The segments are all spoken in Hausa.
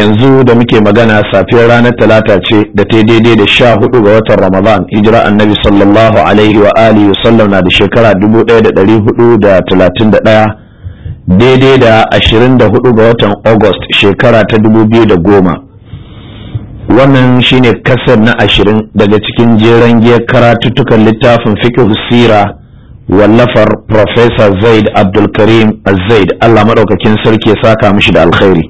yanzu da muke magana safiyar ranar talata ce da ta daidai da sha hudu ga watan ramadan hijira annabi sallallahu alaihi wa alihi sallam na da shekara dubu daya da dari hudu da talatin da daya daidai da ashirin da hudu ga watan august shekara ta dubu biyu da goma wannan shine kasar na ashirin daga cikin jeren giyar karatuttukan littafin fiqh sira wallafar Professor Zaid Abdulkarim Zaid Allah madaukakin sarki ya saka mishi da alkhairi.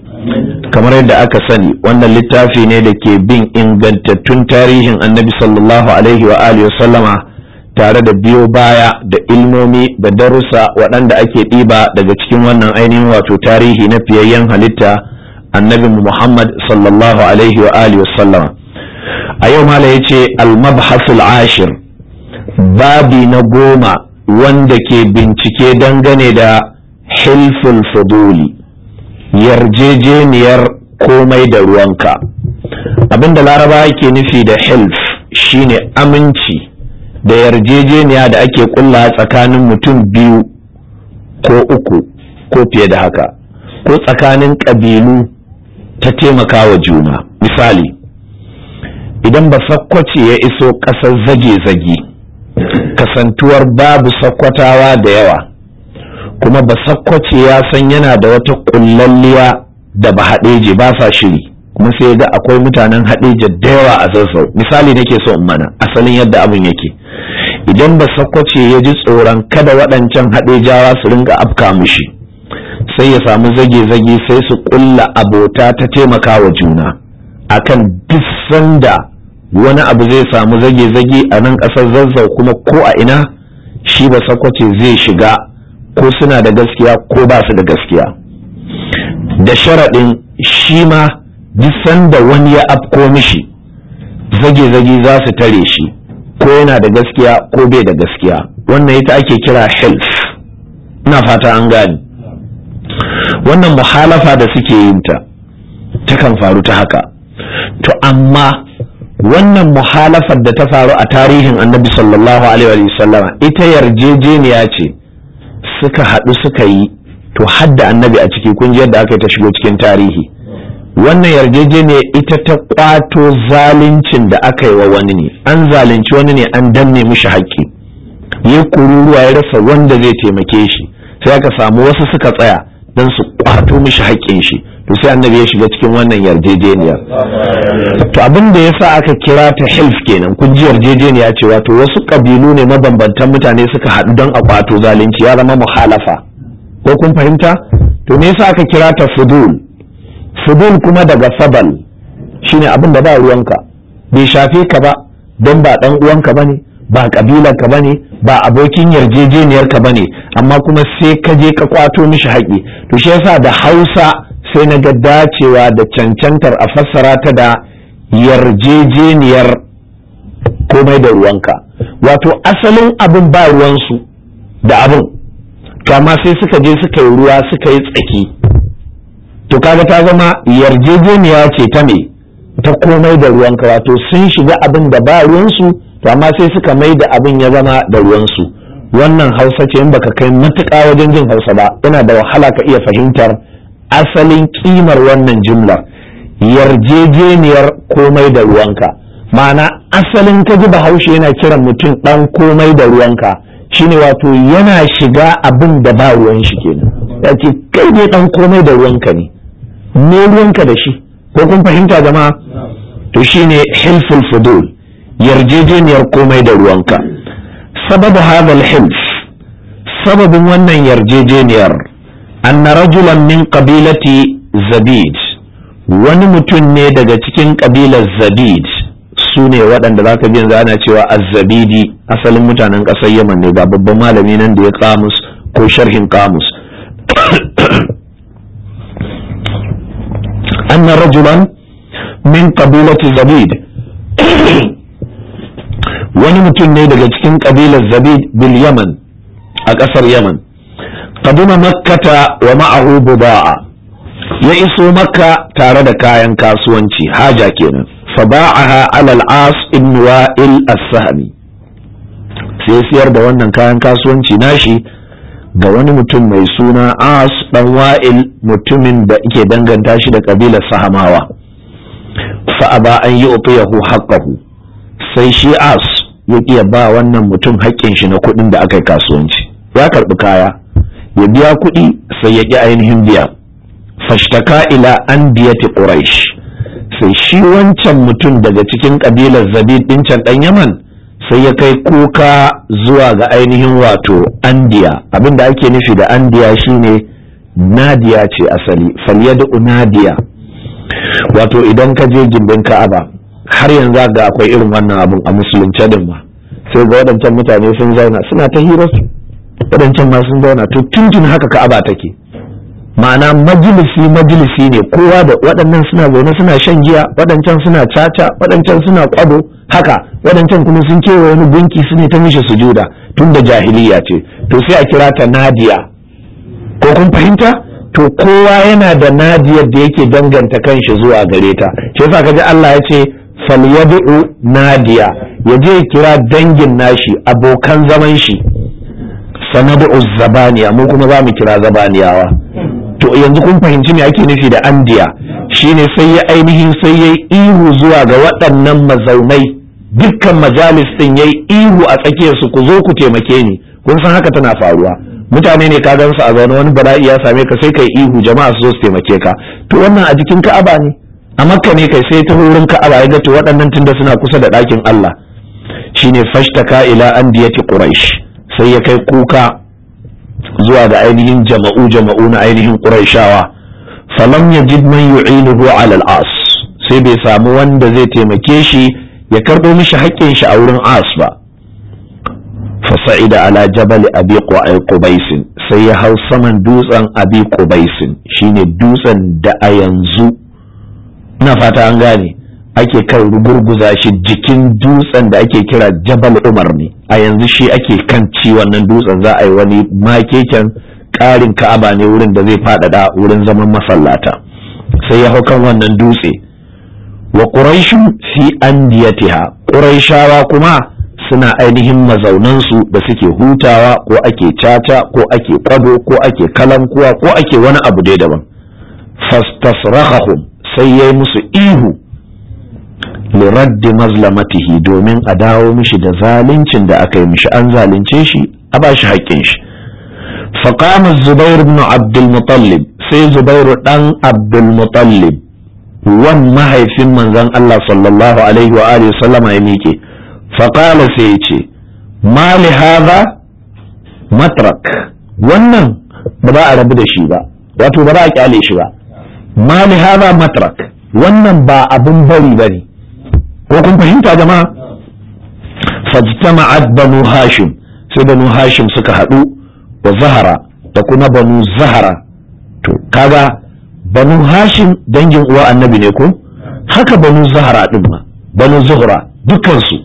Kamar yadda aka sani wannan littafi ne da ke bin ingantattun tarihin annabi sallallahu alaihi wa alihi sallama tare da biyo baya da ilmomi da darussa waɗanda ake ɗiba daga cikin wannan ainihin wato tarihi na fiyayyen halitta annabi Muhammad sallallahu alaihi wa alihi sallama. A yau mala ya ce al-mabhasul ashir babi na goma wanda ke bincike dangane da hilful fuduli yarjejeniyar komai da ruwanka abinda laraba ke nufi da hilf shine aminci da yarjejeniya da ake kulla tsakanin mutum biyu ko uku ko fiye da haka ko tsakanin ƙabilu ta taimaka wa juna misali idan ba sakkwace ya iso ƙasar zage-zage kasantuwar babu sakkwatawa da yawa kuma ba sakkwace ya san yana da wata kullalliya da ba haɗeje ba sa shiri kuma sai ga akwai mutanen haɗeje da yawa a zazzau misali nake so in mana asalin yadda abin yake idan ba sakkwace ya ji tsoron kada waɗancan haɗejawa su ringa afka mushi sai ya samu zage-zage sai su ƙulla abota ta taimaka wa juna akan duk sanda wani abu zai samu zage-zage a nan ƙasar zazzau kuma ko a ina shi ba sakwace zai shiga ko suna da gaskiya ko ba su da gaskiya da sharaɗin shi ma duk sanda wani ya afko mishi zage-zage za su tare shi ko yana da gaskiya ko bai da gaskiya wannan ita ake kira health ina fata an gani wannan muhalafa da suke yinta ta takan faru ta haka to amma wannan muhalafar da ta faru a tarihin annabi sallallahu alaihi ita yarjejeniya ce suka haɗu suka yi to hadda annabi a ciki kun yadda aka yi ta shigo cikin tarihi wannan yarjejeniya ita ta kwato zaluncin da aka yi wa wani ne an zalunci wani ne an danne mishi haƙƙi ya kururuwa ya rasa wanda zai taimake shi sai aka samu wasu suka tsaya don su kwato mishi haƙƙin shi to sai annabi ya shiga cikin wannan yarjejeniyar to abin da yasa aka kira ta hilf kenan kun ji yarjejeniya cewa to wasu kabilu ne mabambantan mutane suka haɗu don a kwato zalunci ya zama muhalafa ko kun fahimta to me yasa aka kira ta fudul fudul kuma daga sabal. shine abin da ba ruwanka bai shafe ka ba don ba dan uwanka bane ba kabilar ka bane ba abokin yarjejeniyar ka bane amma kuma sai ka je ka kwato mishi haƙi to shi yasa da Hausa sai na ga dacewa da cancantar a fassara ta da yarjejeniyar komai da ruwanka wato asalin abin ba ruwansu da abin kama sai suka je suka yi ruwa suka yi tsaki to kaga ta zama yarjejeniya ce ta me ta komai da ruwanka wato sun shiga abin da ba ruwansu to amma sai suka mai da abin ya zama da ruwansu wannan hausa ce in baka kai matuƙa wajen jin hausa ba yana da wahala ka iya fahimtar asalin kimar wannan jumlar yarjejeniyar komai da ruwanka ma'ana asalin ka ji bahaushe yana kiran mutum ɗan komai da ruwanka shine wato yana shiga abin da ba ruwan shi kenan ya kai ne ɗan komai da ruwanka ne me ruwanka da shi ko kun fahimta zama? to shine hilful fudul yarjejeniyar komai da ruwanka sababu hadal hilf sababin wannan yarjejeniyar أن رجلا min قبيلة zabid wani mutum ne daga cikin sune zabid sune waɗanda za ka biyan ana cewa azzabidi asalin mutanen ƙasar yaman ne ga babban malami nan da ya kamus ko sharhin kamus anna rajulan min qabilati zabid wani mutum ne daga cikin kabilar zabid bil yaman a ƙasar yaman qadima makkata wa ma'ahu ya iso makka tare da kayan kasuwanci haja kenan fa ba'aha ala al-as ibn wa'il as-sahmi sai siyar da wannan kayan kasuwanci nashi ga wani mutum mai suna as ɗan wa'il mutumin da yake danganta shi da kabilar sahamawa fa aba an yi uqiyahu haqqahu sai shi as ya ba wannan mutum haƙƙin shi na kuɗin da aka yi kasuwanci ya karɓi kaya ya biya kuɗi sai ya ƙi ainihin biya fashtaka ila an biyati ƙuraish sai shi wancan mutum daga cikin ƙabilar zabi ɗin can ɗan yaman sai ya kai kuka zuwa ga ainihin wato andiya abinda ake nufi da andiya shine nadiya ce asali falyad'u nadiya wato idan ka je gindin ka'aba har yanzu ga akwai irin wannan abin a Musulunci din ma sai ga waɗancan mutane sun zauna suna ta hirarsu waɗancan ma sun zauna to tuntun haka ka'aba take ma'ana majalisi majalisi ne kowa da waɗannan suna zaune suna shan giya waɗancan suna caca waɗancan suna kwado haka waɗancan kuma sun kewa wani gunki su ne ta mishi sujuda tun da jahiliya ce to sai a kira ta nadiya ko kun fahimta to kowa yana da nadiyar da yake danganta kanshi zuwa gare ta shi yasa kaji Allah ya ce falyad'u nadiya ya yaje kira dangin nashi abokan zaman shi sanadu zabaniya mu kuma za mu kira zabaniyawa to yanzu kun fahimci me ake nufi da andiya shine sai ya ainihin sai yayi ihu zuwa ga waɗannan mazaunai dukkan majalis din yayi ihu a tsakiyar su ku zo ku taimake ni kun san haka tana faruwa mutane ne ka gansu a zaune wani bala'i ya same ka sai kai ihu jama'a su zo su taimake ka to wannan a jikin ka'aba ne a makka ne kai sai ta hurun ka'aba ya ga to waɗannan tunda suna kusa da ɗakin Allah shine fashtaka ila andiyati quraish sai ya kai kuka zuwa ga ainihin jama'u jama'u na ainihin ƙuraishawa falam ya man yi alal as sai bai samu wanda zai taimake shi ya karɓo mishi haƙƙin shi a wurin as ba fasa'ida ala jabal abi qubaisin sai ya hau saman dutsen abi qubaisin shine dutsen da a yanzu ina fata an gane ake kan gurguza shi jikin dutsen da ake kira jabal umar ne a yanzu shi ake kan ci wannan dutsen za a yi wani makeken ƙarin ka'aba ne wurin da zai faɗaɗa wurin zaman masallata sai ya hau wannan dutse wa ƙuraishu fi andiyatiha ƙuraishawa kuma suna ainihin mazaunansu da suke hutawa ko ake caca ko ake kwado ko ake kalankuwa ko ake wani abu dai daban fastasrahahum sai yayi musu ihu liraddi mazlamatihi domin a dawo mishi da zaluncin da aka yi mishi an zalunce shi a ba shi haƙƙin shi faƙama zubair ibn abdulmutallib sai zubairu ɗan abdulmutallib wan mahaifin manzon allah sallallahu alaihi wa alihi sallama ya miƙe faƙala sai ya ce ma li hadha matrak wannan ba za a rabu da shi ba wato ba za a kyale shi ba ma li hadha matrak wannan ba abin bari bane ko kun fahimta jama'a fajtama'at banu hashim sai banu hashim suka haɗu wa zahara da kuma banu zahara to kaga banu hashim dangin uwa annabi ne ko haka banu zahara din ma banu zuhra dukansu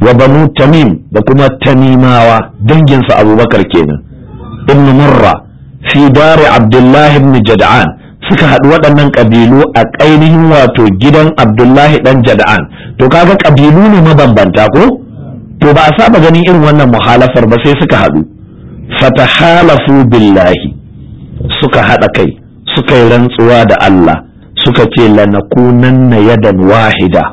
wa banu tamim da kuma tamimawa danginsa abubakar kenan ibn murra fi dari abdullahi ibn jad'an suka haɗu waɗannan ƙabilu a ƙainihin wato gidan abdullahi ɗan jada'an to kaga ƙabilu ne mabambanta ko to ba a saba ganin irin wannan muhalafar ba sai suka haɗu fatahalafu billahi suka haɗa kai suka yi rantsuwa da Allah suka ce na yadan wahida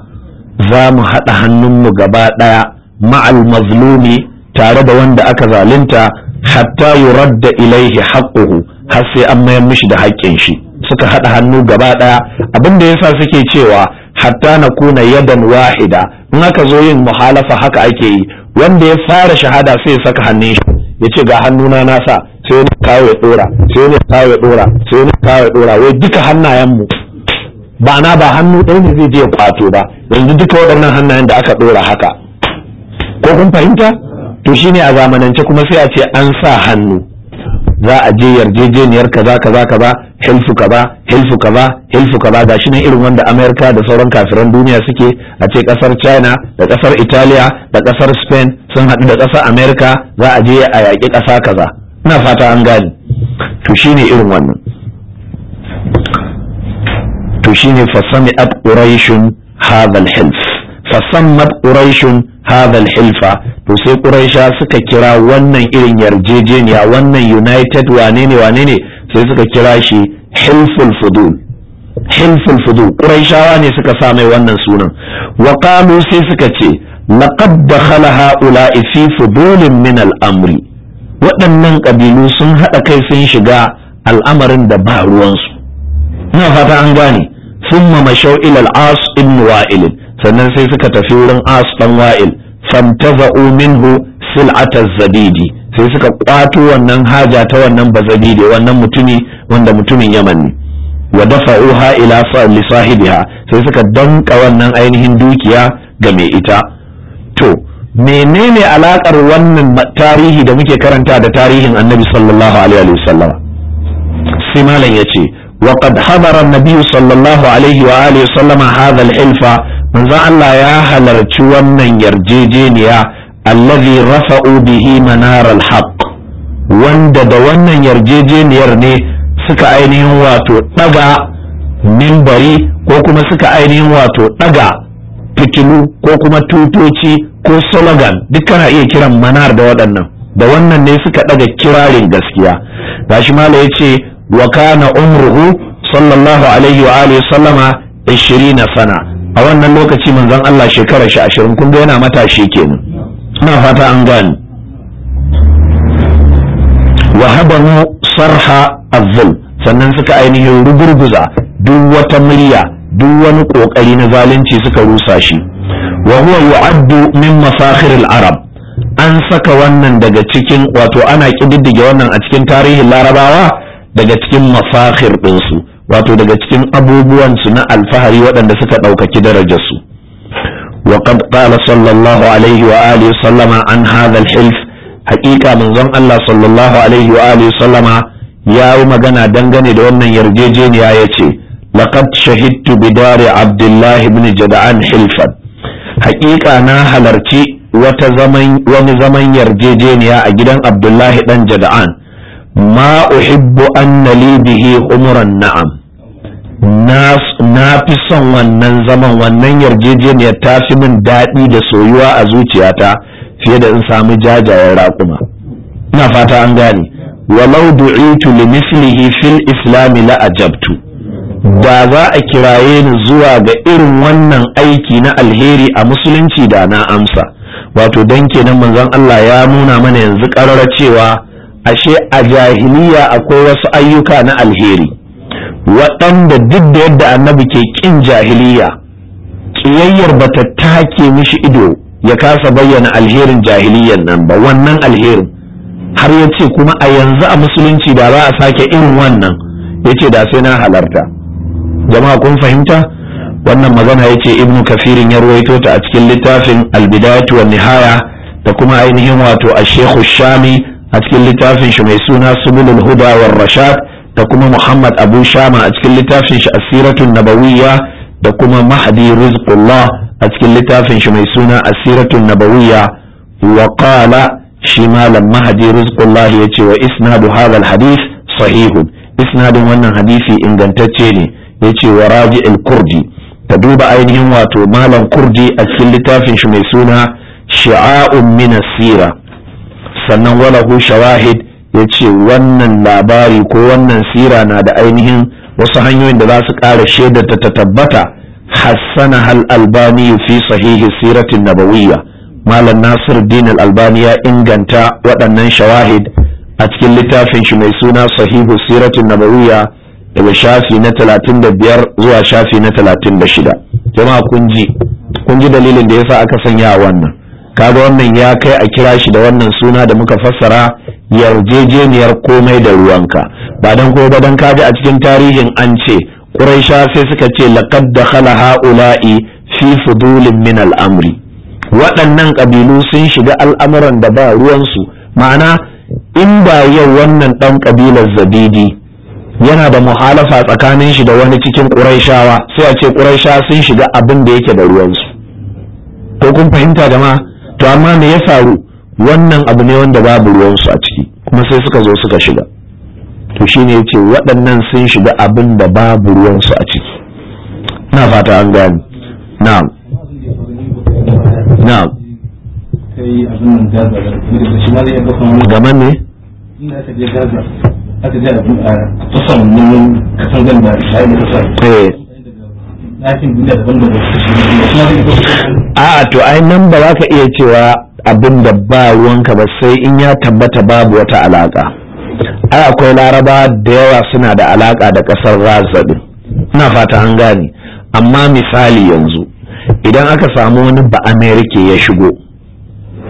za mu haɗa hannunmu gaba ɗaya ma'al mazlumi tare da wanda aka zalunta hatta yuradda ilaihi haƙƙuhu, har sai an mayar mishi da haƙƙin shi suka haɗa hannu gaba ɗaya abin da yasa suke cewa hatta na kuna yadan wahida in aka zo yin muhalafa haka ake yi wanda ya fara shahada sai ya saka hannun shi ya ce ga hannuna na sa sai ne kawo ya dora sai ne kawo ya dora sai ne kawo ya dora wai duka hannayen mu ba na ba hannu ɗaya ne zai je ya kwato ba yanzu duka waɗannan hannayen da aka ɗora haka ko kun fahimta to shine a zamanance kuma sai a ce an sa hannu za a je yarjejeniyar kaza kaza kaza hilfu kaza hilfu kaza hilfu kaza shi ne irin wanda amerika da sauran kafiran duniya suke a ce kasar china da kasar italiya da kasar spain sun haɗu da kasar amerika za a je a yaƙi ƙasa kaza ina fata an gane to shi ne irin wannan to ne fasami ab quraishun hadha hilf fasammat quraishun hadal hilfa to sai quraisha suka kira wannan irin yarjejeniya wannan united wane ne wane ne sai suka kira shi hilful fudul hilful fudul quraishawa ne suka sa mai wannan sunan wa qalu sai suka ce laqad dakhala haula'i fi fudulin min al'amri. amri waɗannan ƙabilu sun haɗa kai sun shiga al'amarin da ba ruwansu na fata an gane sun mamashau ilal as ibn wa'ilin sannan sai suka tafi wurin as dan wa'il fantaza'u minhu sil'ata zabidi sai suka kwato wannan haja ta wannan bazabidi wannan mutumi wanda mutumin yaman ne wa dafa'uha ila li sahibiha sai suka danka wannan ainihin dukiya ga mai ita to menene alakar wannan tarihi da muke karanta da tarihin annabi sallallahu alaihi wasallam sai malam yace وقد حضر النبي صلى الله عليه وآله وسلم هذا الحلف من الله يا هلر wannan yarjejeniya الذي رفعوا به منار الحق wanda da wannan yarjejeniyar ne suka ainihin wato daga mimbari ko kuma suka ainihin wato daga fitilu ko kuma tutoci ko slogan duk kana iya kiran manar da waɗannan da wannan ne suka daga kirarin gaskiya gashi mala ya ce wa kana umruhu sallallahu alaihi wa alihi sallama 20 sana a wannan lokaci manzon Allah shekara shi 20 kun ga yana matashi kenan ina fata an gani. wa habanu sarha azzul sannan suka ainihin rugurguza duk wata murya duk wani kokari na zalunci suka rusa shi wa huwa yu'addu min masakhir al-arab an saka wannan daga cikin wato ana kididdige wannan a cikin tarihin larabawa daga cikin mafakhir ɗinsu wato daga cikin abubuwansu na alfahari waɗanda suka ɗaukaki darajarsu wa qad qala sallallahu alaihi wa alihi sallama an hadha al-hilf haqiqa manzon Allah sallallahu alaihi wa alihi sallama ya yi magana dangane da wannan yarjejeniya ya ce. laqad shahidtu bi dari abdullah ibn jada'an hilfan haqiqa na halarci wani zaman yarjejeniya a gidan abdullahi dan jada'an ma uhibbu anna li bihi umuran na'am na fi son wannan zaman wannan yarjejeniyar ta fi min daɗi da soyuwa a zuciyata fiye da in samu jajayen raƙuma ina fata an gane walau du'itu li mislihi fil islami la ajabtu da za a kiraye ni zuwa ga irin wannan aiki na alheri a musulunci da na amsa wato dan kenan manzon Allah ya nuna mana yanzu ƙarara cewa ashe a jahiliya akwai wasu ayyuka na alheri waɗanda duk da yadda annabi ke ƙin jahiliya ƙiyayyar ba ta take mishi ido ya kasa bayyana alherin jahiliyan nan ba wannan alherin har ya ce kuma a yanzu a musulunci ba za a sake irin wannan ya ce da sai na halarta jama'a kun fahimta wannan magana ya ce ibnu kafirin ya ruwaito ta a cikin littafin albidatu wa nihaya da kuma ainihin wato a shekhu shami a cikin littafin shi mai suna subulul huda war rashad da kuma muhammad abu shama a cikin littafin shi asiratun nabawiyya da kuma mahdi rizqullah a cikin littafin shi mai suna asiratun nabawiyya wa qala shi malam mahdi rizqullah yace wa isnadu hadha alhadith sahihun isnadin wannan hadisi ingantacce ne yace wa raji al-kurdi ka duba ainihin wato malam kurdi a cikin littafin shi mai suna shi'a'un min as-sira sannan walahu shawahid ya ce wannan labari ko wannan sira na da ainihin wasu hanyoyin da za su ƙara shaidarta ta tabbata hassana hal albani fi sahihi siratin nabawiyya malam nasir din albani ya inganta waɗannan shawahid a cikin littafin shi mai suna sahihu siratin nabawiyya daga shafi na 35 zuwa shafi na 36 jama'a kun ji kun ji dalilin da yasa aka sanya wannan kaga wannan ya kai a kira shi da wannan suna da muka fassara yarjejeniyar komai da ruwanka ba dan ko ba dan kaji a cikin tarihin an ce quraisha sai suka ce laqad dakhala haula'i fi fudulin min al'amri waɗannan ƙabilu sun shiga al'amuran da ba ruwansu ma'ana in ba yau wannan ɗan ƙabilar zabidi yana da muhalafa tsakanin shi da wani cikin ƙuraishawa sai a ce ƙuraisha sun shiga abin da yake da ruwansu ko kun fahimta jama'a to amma me ya faru wannan abu ne wanda babu ruwansu a ciki kuma sai suka zo suka shiga to shine ya ce waɗannan sun shiga abin da babu ruwansu a ciki na fata an gani na'am na'am game ne aka je gaza aka je a kasan da kasan ne isra'ila eh. kasar a'a to ai nan ba za ka iya cewa abin da ba ruwanka ba sai in ya tabbata babu wata alaka ai akwai laraba da yawa suna da alaka da kasar razadin ina fata an gane amma misali yanzu idan aka samu wani ba amerika ya shigo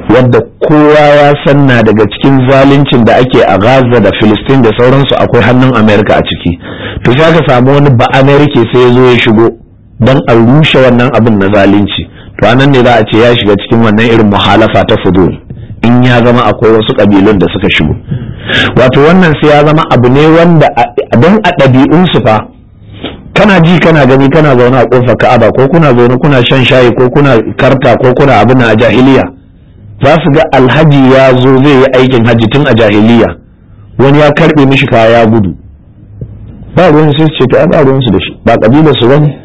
wadda kowa ya sanna na daga cikin zaluncin da ake a gaza da filistin da sauransu akwai hannun amerika a ciki to sai aka samu wani ba amerika sai ya zo ya shigo don a rushe wannan abin na zalunci to anan ne za a ce ya shiga cikin wannan irin muhalafa ta fudul in ya zama akwai wasu kabilun da suka shigo wato wannan sai ya zama abu ne wanda don a ɗabi'unsu fa kana ji kana gani kana zaune a kofar ka'aba ko kuna zaune kuna shan shayi ko kuna karta ko kuna abin a jahiliya za su ga alhaji ya zo zai yi aikin hajji tun a jahiliya wani ya karbe mishi kaya gudu ba ruwan su ce ta ba ruwan su da shi ba kabilar su bane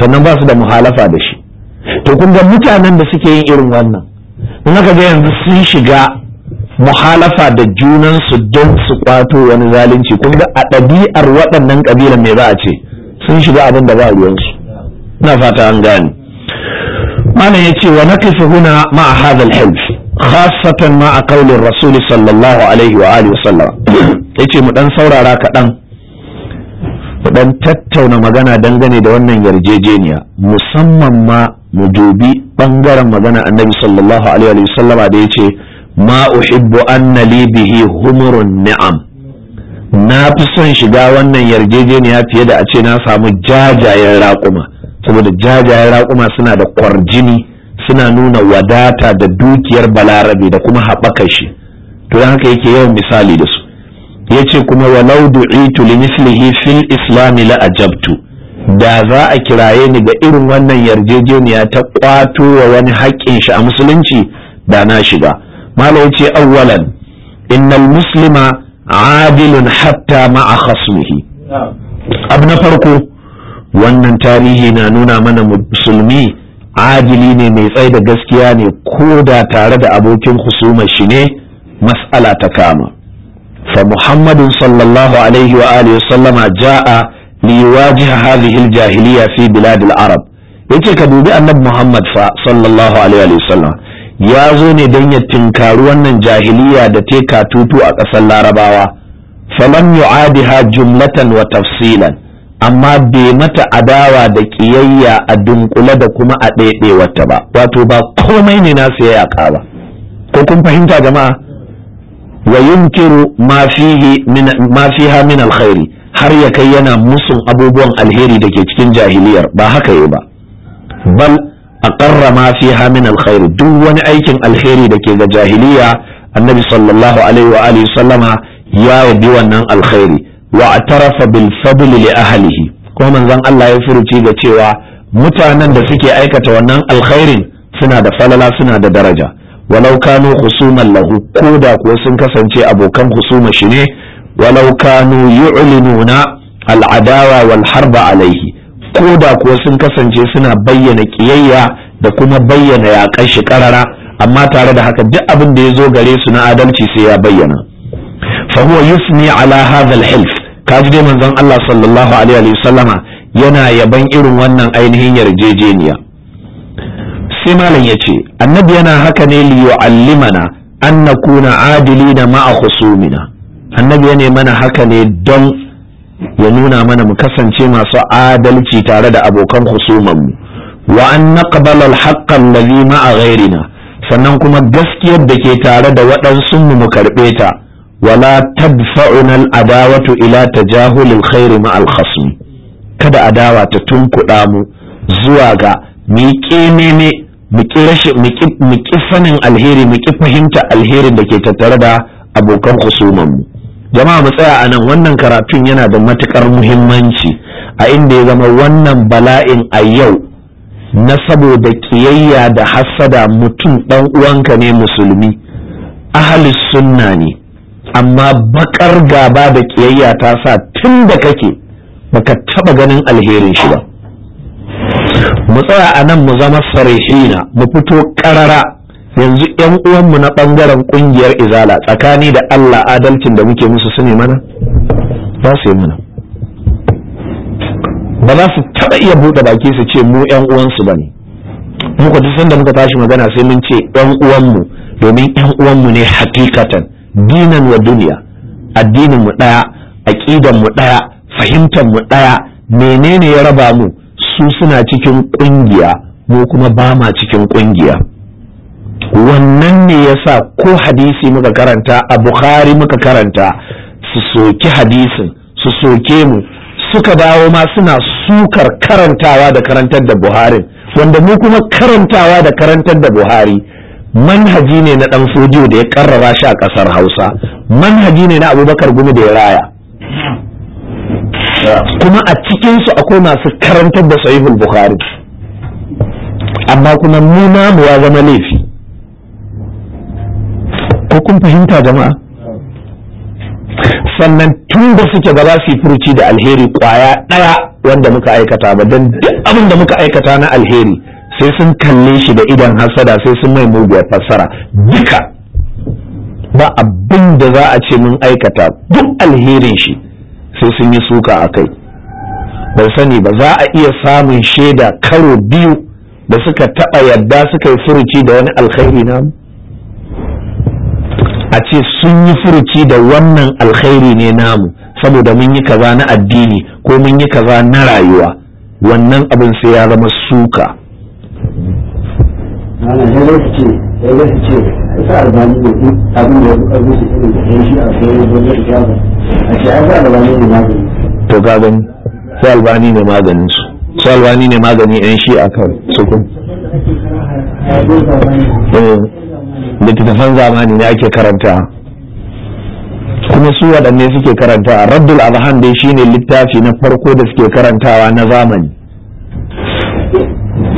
sannan ba su da muhalafa da shi to kun ga mutanen da suke yin irin wannan in aka ga yanzu sun shiga muhalafa da junansu don su kwato wani zalunci kun ga a ɗabi'ar waɗannan ƙabilan mai za a ce sun shiga abin da ba ruwansu na fata an gane mana ya ce wa fi huna ma'a hadha al-hilf khassatan a qawli rasul sallallahu alaihi wa alihi wa sallam yace mu ɗan saurara kaɗan ku dan tattauna magana dangane da wannan yarjejeniya musamman ma mu dubi bangaren magana annabi sallallahu alaihi wa sallama da yace ma uhibbu anna li bihi humurun ni'am na fi son shiga wannan yarjejeniya fiye da a ce na samu jajayen raƙuma saboda jajayen raƙuma suna da kwarjini suna nuna wadata da dukiyar balarabe da kuma haɓaka shi to haka yake yawan misali da su yace kuma walau du'itu li mislihi fil islam la ajabtu da za a kiraye ni ga irin wannan yarjejeniya ta kwato wa wani haƙƙin shi a musulunci da na shiga mala yace awwalan innal muslima adilun hatta ma'a khasmihi abu na farko wannan tarihi na nuna mana musulmi adili ne mai tsaye da gaskiya ne ko da tare da abokin husumar shi ne mas'ala ta kama fa muhammadun sallallahu alaihi wa alihi sallama ja'a liwajiha hadhihi aljahiliya fi bilad al-arab yace ka dubi annabi muhammad fa ya zo ne dan ya tinkari wannan jahiliya da te tutu a ƙasar larabawa falam yu'adiha jumlatan wa tafsilan amma bai mata adawa da ƙiyayya a dunkule da kuma a ɗaiɗewarta ba wato ba komai ne na ya yaƙa ba ko kun fahimta jama'a wa yunkiru ma min fiha min alkhairi har ya kai yana musun abubuwan alheri da ke cikin jahiliyar ba haka yi ba bal a ma fiha min alkhairi duk wani aikin alheri da ke ga jahiliya annabi sallallahu alaihi wa alihi sallama ya yabi wannan alkhairi wa atarafa bil fadli li ahlihi kuma manzon Allah ya furuci da cewa mutanen da suke aikata wannan alkhairin suna da falala suna da daraja walau kanu husuman lahu ko da kuwa sun kasance abokan husuma shi ne walau kanu yu'linuna al'adawa wal harba alaihi ko da kuwa sun kasance suna bayyana kiyayya da kuma bayyana yaƙar shi karara amma tare da haka duk abin da ya zo gare su na adalci sai ya bayyana fa huwa yusni ala hadha al-hilf kaji dai manzon Allah sallallahu alaihi wa sallama yana yaban irin wannan ainihin yarjejeniya sai malam ya ce annabi yana haka ne alli mana an adili da ma'a husumina annabi yana mana haka ne don ya nuna mana mu kasance masu adalci tare da abokan husumanmu wa an naqbala al-haqqa alladhi ma'a ghairina sannan kuma gaskiyar da ke tare da waɗansu mu karɓe ta wala tadfa'una al-adawatu ila tajahul khairi khair ma'a al-khasm kada adawa ta tunkuɗa mu zuwa ga mi kememe mu ki sanin alheri mu fahimta alherin da ke tattare da abokan mu jama'a mu tsaya a nan wannan karatun yana da matukar muhimmanci a inda ya zama wannan bala'in a yau na saboda kiyayya da hassada mutum dan uwanka ne musulmi ahalis sunna ne amma bakar gaba da kiyayya ta sa tun da kake baka taba ganin alherin shi ba mu tsaya a nan mu zama sarihina mu fito karara yanzu yan uwanmu na bangaren kungiyar izala tsakani da Allah adalcin da muke musu su mana ba su yi mana ba za su taɓa iya buɗe baki su ce mu yan uwansu ba ne muka duk sanda muka tashi magana sai mun ce yan uwanmu domin yan uwanmu ne hakikatan dinan wa duniya addinin mu ɗaya aƙidan mu ɗaya fahimtar mu ɗaya menene ya raba mu su suna cikin ƙungiya mu kuma ba ma cikin ƙungiya wannan ne yasa ko hadisi muka karanta a bukhari muka karanta su soki hadisin su soke mu suka dawo ma suna sukar karantawa da karantar da buhari wanda mu kuma karantawa da karantar da buhari manhaji ne na dan sojo da ya karrara shi a kasar hausa manhaji ne na abubakar gumi da ya raya kuma a cikinsu akwai masu karantar da sahihul bukhari amma kuma mu namu ya zama laifi ko kun fahimta jama'a sannan tun da suke ba za su yi furuci da alheri kwaya ɗaya wanda muka aikata ba don duk abin da muka aikata na alheri sai sun kalle shi da idan hasada sai sun mai muguwar fassara duka ba abin da za a ce mun aikata duk alherin shi sai sun yi suka a kai ban sani ba za a iya samun shaida karo biyu da suka taɓa yadda suka yi furuci da wani alkhairi namu a ce sun yi furuci da wannan alkhairi ne namu saboda mun yi kaza na addini ko mun yi kaza na rayuwa wannan abin sai ya zama suka da ya su ce sa albani da duk abin da ya fi ƙarfi irin da ya shi a sai ya zoje da kyawun a ce ai sa albani ne magani to ka gani albani ne maganin su sa albani ne magani yan shi a kan su kun eh, littattafan zamani ne ake karanta kuma su waɗanne suke karanta raddul azhan dai shine littafi na farko da suke karantawa na zamani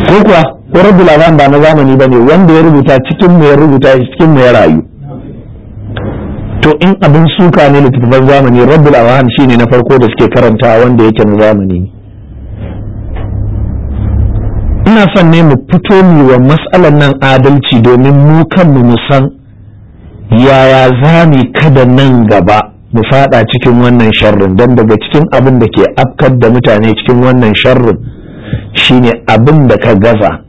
ko kuwa ko rabbul ba na zamani bane wanda ya rubuta cikin mai ya rubuta cikin mai ya rayu to in abin suka ne littattafan zamani rabbul shi shine na farko da suke karanta wanda yake na zamani ina son ne mu fito mu wa matsalan nan adalci domin mu kanmu mu san yaya za mu kada nan gaba mu fada cikin wannan sharrin don daga cikin abin da ke afkar da mutane cikin wannan sharrin shine abin da ka gaza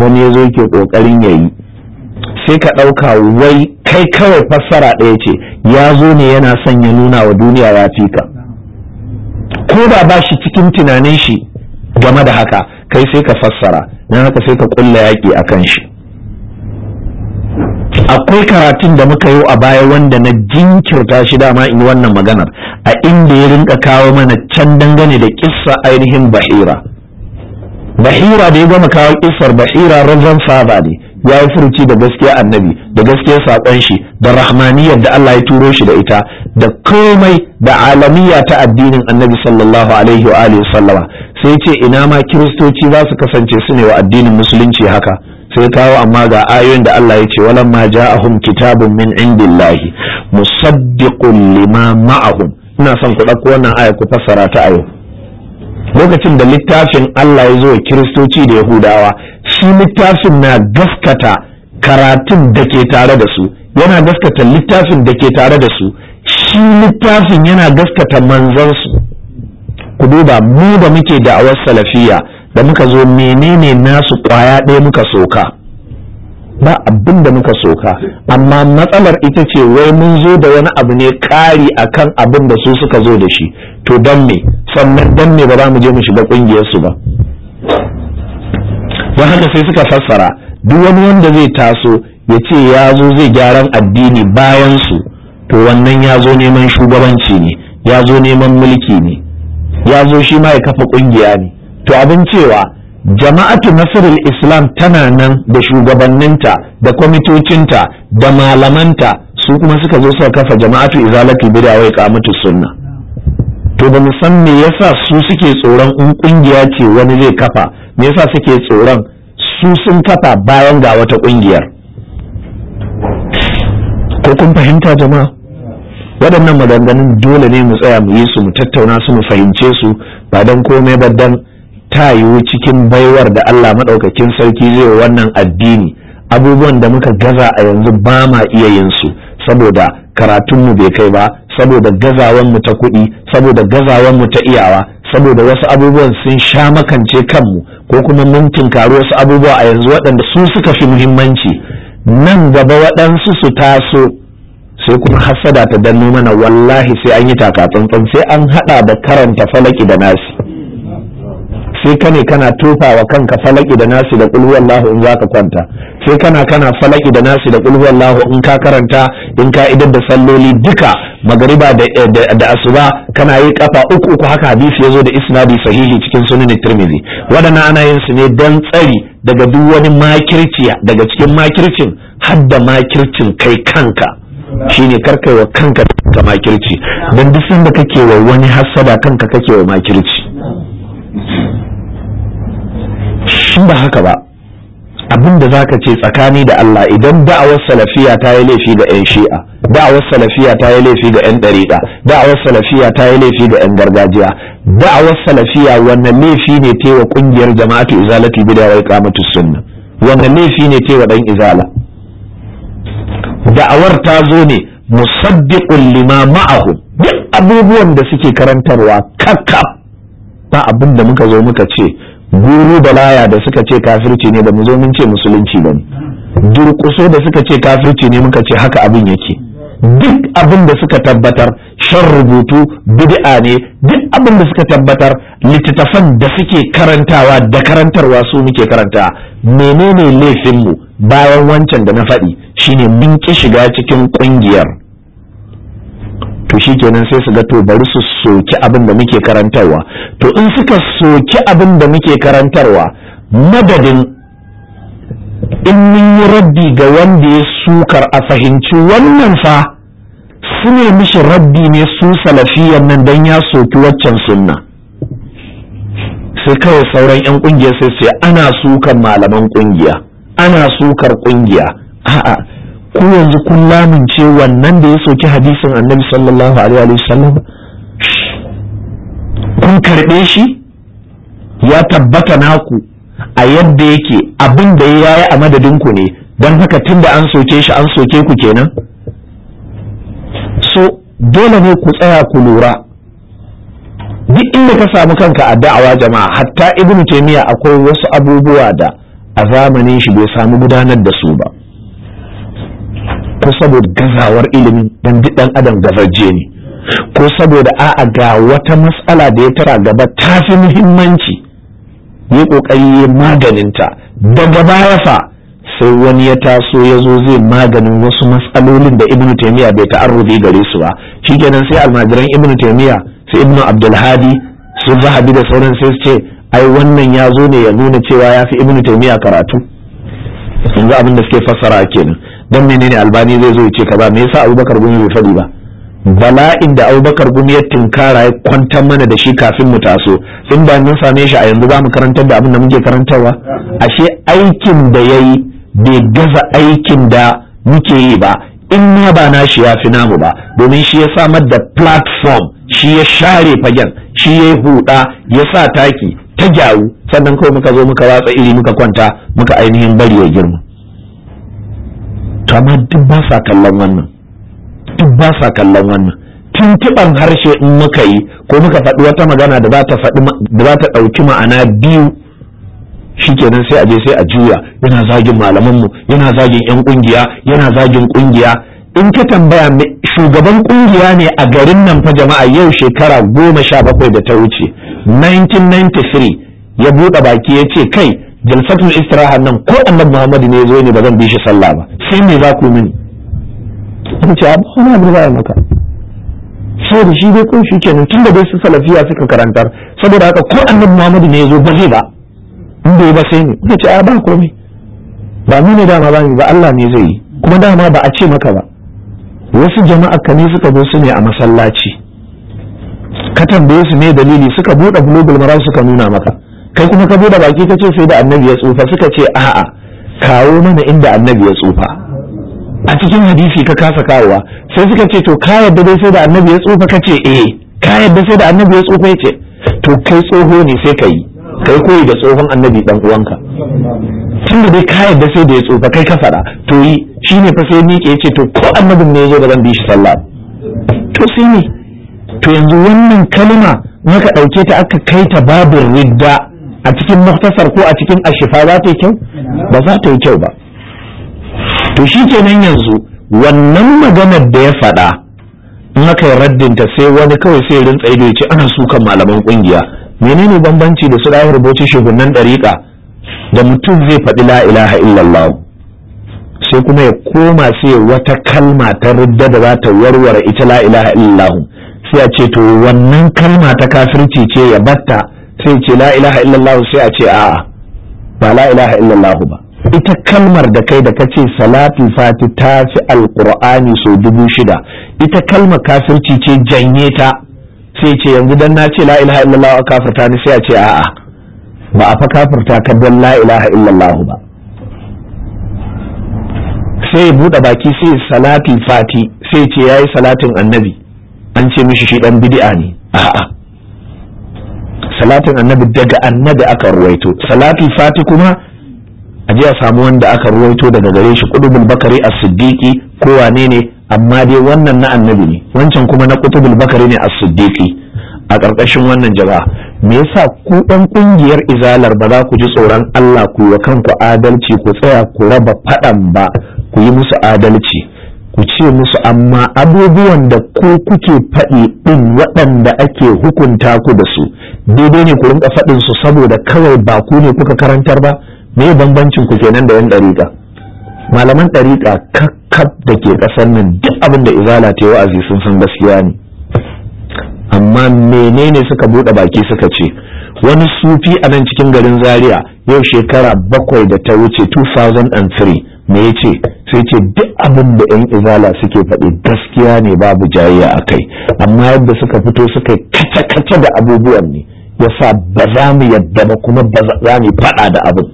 wani ya zo ke ƙoƙarin ya yi sai ka ɗauka wai kai kawai fassara ɗaya ce ya zo ne yana son ya nuna wa duniya ya fi ka ko da ba shi cikin tunanin shi game da haka kai sai ka fassara na haka sai ka ƙulla yaƙi a kan shi akwai karatun da muka yi a baya wanda na jinkirta shi dama in wannan maganar a inda ya rinka kawo mana can dangane da kissa ainihin bahira bahira da ya gama kawo kisar bahira rajan faba ne ya yi furuci da gaskiya annabi da gaskiya saƙon shi da rahmaniyar da Allah ya turo shi da ita da komai da alamiya ta addinin annabi sallallahu alaihi wa alihi sallama sai ce ina ma kiristoci za su kasance su ne wa addinin musulunci haka sai kawo amma ga ayoyin da Allah ya ce walan ma ja'ahum kitabun min indillahi musaddiqun lima ma'ahum ina son ku ɗauko wannan aya ku fassara ta a yau lokacin da littafin Allah ya zo kiristoci da yahudawa shi littafin na gaskata karatun da ke tare da su yana gaskata littafin da ke tare da su shi littafin yana gaskata manzansu ku duba mu da muke da'awar salafiya da muka zo menene nasu kwaya ɗaya muka soka ba abin da muka soka amma matsalar ita ce wai mun zo da wani abu ne kari akan abin da su suka zo da shi to don me sannan don me ba za mu je mu shiga kungiyar su ba don haka sai suka fassara duk wani wanda zai taso ya ce ya zo zai gyaran addini bayan su to wannan ya zo neman shugabanci ne ya zo neman mulki ne ya zo shi ma ya kafa ƙungiya ne to abin cewa jama'atu nasirul islam tana nan da shugabanninta da kwamitocinta da malamanta su kuma suka zo suka kafa jama'atu izalatu bid'a wa iqamatus sunna to ba mu san me yasa su suke tsoron in kungiya ce wani zai kafa me yasa suke tsoron su sun kafa bayan ga wata kungiyar ko kun fahimta jama'a waɗannan maganganun dole ne mu tsaya mu yi su mu tattauna su mu fahimce su ba dan komai ba dan ta yiwu cikin baiwar da Allah maɗaukakin sarki zai wannan addini abubuwan da muka gaza a yanzu ba ma iya yin su saboda karatunmu bai kai ba saboda gazawanmu ta kuɗi saboda gazawanmu ta iyawa saboda wasu abubuwan sun sha makance kanmu ko kuma mun tunkari wasu abubuwa a yanzu waɗanda su suka fi muhimmanci nan gaba waɗansu su taso sai kuma hassada ta danno mana wallahi sai an yi takatsantsan sai an haɗa da karanta falaki da nasi sai ka ne kana wa kanka falaki da nasi da kulhu wallahu in zaka kwanta sai kana kana falaki da nasi da kulhu wallahu in ka karanta in ka idar da salloli duka magariba da eh, asuba kana yi kafa uku uku haka hadisi zo da isnadi sahihi cikin sunan tirmidhi wadannan ana yin su ne dan tsari daga duk wani makirci daga cikin makircin hadda makircin kai kanka shine karkai wa kanka ka makirci don duk sanda kake wa wani hasada kanka kake wa makirci shi ba haka ba abin da ka ce tsakani da Allah idan da'awar salafiya ta yi laifi ga 'yan shi'a da'awar salafiya ta yi laifi ga 'yan ɗariƙa da'awar salafiya ta yi laifi ga 'yan gargajiya da'awar salafiya wannan laifi ne ta wa ƙungiyar jama'atu izalati bida wai iqamatu sunna wannan laifi ne ta wa ɗan izala da'awar ta zo ne musaddiqun lima ma'ahu duk abubuwan da suke karantarwa kakka ba abin da muka zo muka ce guru da laya da suka ce kafirci ne da mu zo mun ce musulunci ba durkuso da suka ce kafirci ne muka ce haka abin yake duk abin da suka tabbatar shan rubutu bid'a ne duk abin da suka tabbatar littattafan da suke karantawa da karantarwa su muke karanta menene laifinmu bayan wancan da na faɗi shine mun ki shiga cikin ƙungiyar to shi shikenan sai su ga to bari su soki abin da muke karantarwa to in suka soki abin da muke karantarwa madadin in mun yi rabbi ga wanda ya sukar a fahimci wannan fa su ne mishi rabbi ne su salafiyan nan don ya soki waccan sunna sai kawai sauran 'yan kungiya sai sai ana sukar malaman kungiya ana sukar kungiya a'a ku yanzu kun lamince wannan da ya soki hadisin annabi sallallahu alaihi wasallam kun karɓe shi ya tabbata naku a yadda yake abin da ya yi a madadin ku ne don haka tunda an soke shi an soke ku kenan so dole ne ku tsaya ku lura duk inda ka samu kanka a da'awa jama'a hatta ibnu taymiya akwai wasu abubuwa da a zamanin shi bai samu gudanar da su ba ko saboda gazawar ilimi dan duk dan adam gazaje ne ko saboda a'a ga wata matsala da ya tara gaba ta fi muhimmanci ya kokari ya ta, daga baya fa sai wani ya taso ya zo zai maganin wasu matsalolin da ibnu taymiya bai ta'arrubi gare su ba shikenan sai almajiran ibnu taymiya sai ibnu abdulhadi su zahabi da sauran sai su ce ai wannan ya zo ne ya nuna cewa ya fi ibnu taymiya karatu yanzu abin da suke fassara kenan dan menene albani zai zo ya ce kaza me yasa abubakar gumi bai faɗi ba bala'in da abubakar gumi ya tunkara ya kwantar mana da shi kafin mu taso in ba mun same shi a yanzu za mu karantar da abin da muke karantarwa ashe aikin da ya yi bai gaza aikin da muke yi ba in ma ba na shi ya fi namu ba domin shi ya samar da platform shi ya share fagen shi ya huɗa, ya sa taki ta gyaru sannan kawai muka zo muka watsa iri muka kwanta muka ainihin bari ya girma to amma duk ba sa kallon wannan duk ba sa kallon wannan tuntuɓan harshe in muka yi ko muka faɗi wata magana da za ta ɗauki ma'ana biyu shikenan sai a je sai a juya yana zagin mu yana zagin 'yan ƙungiya yana zagin ƙungiya in ka tambaya shugaban ƙungiya ne a garin nan fa jama'a yau shekara goma sha bakwai da ta wuce 1993 ya buɗe baki ya ce kai jalsatul istiraha nan ko annabi Muhammadu ne zo ne ba zan bi shi sallah ba sai me za ku mini in ce abu ah, wani abu za maka saboda shi dai kun shi kenan tun da bai su salafiya suka karantar saboda haka ko annabi Muhammadu ne zo ba zai ba in bai ba sai ne in ce a ah, ba komai ba mu ne dama ba ni ba Allah ne zai yi kuma dama ba a ce maka ba wasu jama'a ka ne suka zo su ne a masallaci ka tambaye su ne dalili suka buɗe global maram suka nuna maka kai kuma ka bude baki ka ce sai da annabi ya tsufa suka ce a'a kawo mana inda annabi ya tsufa a cikin hadisi ka kasa kawowa sai suka ce to ka yadda dai sai da annabi ya tsufa ka ce eh ka yadda sai da annabi ya tsufa ya ce to kai tsoho ne sai ka yi kai koyi da tsohon annabi dan uwanka tunda dai ka yadda sai da ya tsufa kai ka fara to yi shine fa sai miƙe ya ce to ko annabin ne ya zo da ban bi shi sallah to sai ne to yanzu wannan kalma naka ɗauke ta aka kai ta babin ridda a cikin muktasar ko a cikin ashifa za ta yi kyau ba za ta yi kyau ba to shi kenan yanzu wannan maganar da ya faɗa in aka yi raddinta sai wani kawai sai rinsa ido ce ana sukan malaman kungiya menene bambanci da su ɗaya rubuci shugunan ɗariƙa da mutum zai faɗi la ilaha illallah sai kuma ya koma sai wata kalma ta rudda da za ta warware ita la ilaha illallah sai a ce to wannan kalma ta kafirci ce ya batta sai ce la ilaha illallah sai a ce a'a ba la ilaha illallah ba ita kalmar da kai da kace salatul fati ta fi alqur'ani so dubu shida ita kalmar kafirci ce janye ta sai ce yanzu dan na ce la ilaha illallah a kafirta ni sai a ce a'a ba a fa kafirta ka dan la ilaha illallah ba sai ya buɗe baki sai salatul fati sai ce yayi salatin annabi an ce mishi shi dan bid'a ne a'a salatin annabi daga annabi aka ruwaito salati fati kuma a ji a samu wanda aka ruwaito daga gare shi kudubul bakari a siddiqi ko wane ne amma dai wannan na annabi ne wancan kuma na kutubul bakari ne a siddiki a ƙarƙashin wannan jama'a me yasa ku ɗan ƙungiyar izalar ba za ku ji tsoron Allah ku wa kanku adalci ku tsaya ku raba faɗan ba ku yi musu adalci ku ce musu amma abubuwan da ku kuke faɗi ɗin waɗanda ake hukunta ku da su daidai ne ku rinka faɗin su saboda kawai ba ku ne kuka karantar ba me bambancin ku kenan da yan ɗariƙa malaman ɗariƙa kakkab da ke ƙasar nan duk abin da izala ta wa'azi sun san gaskiya ne amma menene suka buɗe baki suka ce wani sufi a nan cikin garin zaria yau shekara bakwai da ta wuce 2003 me ya ce sai ce duk abin da yan izala suke faɗi gaskiya ne babu jayayya a kai amma yadda suka fito suka kace-kace da abubuwan ne ya sa ba za mu yadda ba kuma ba za mu faɗa da abin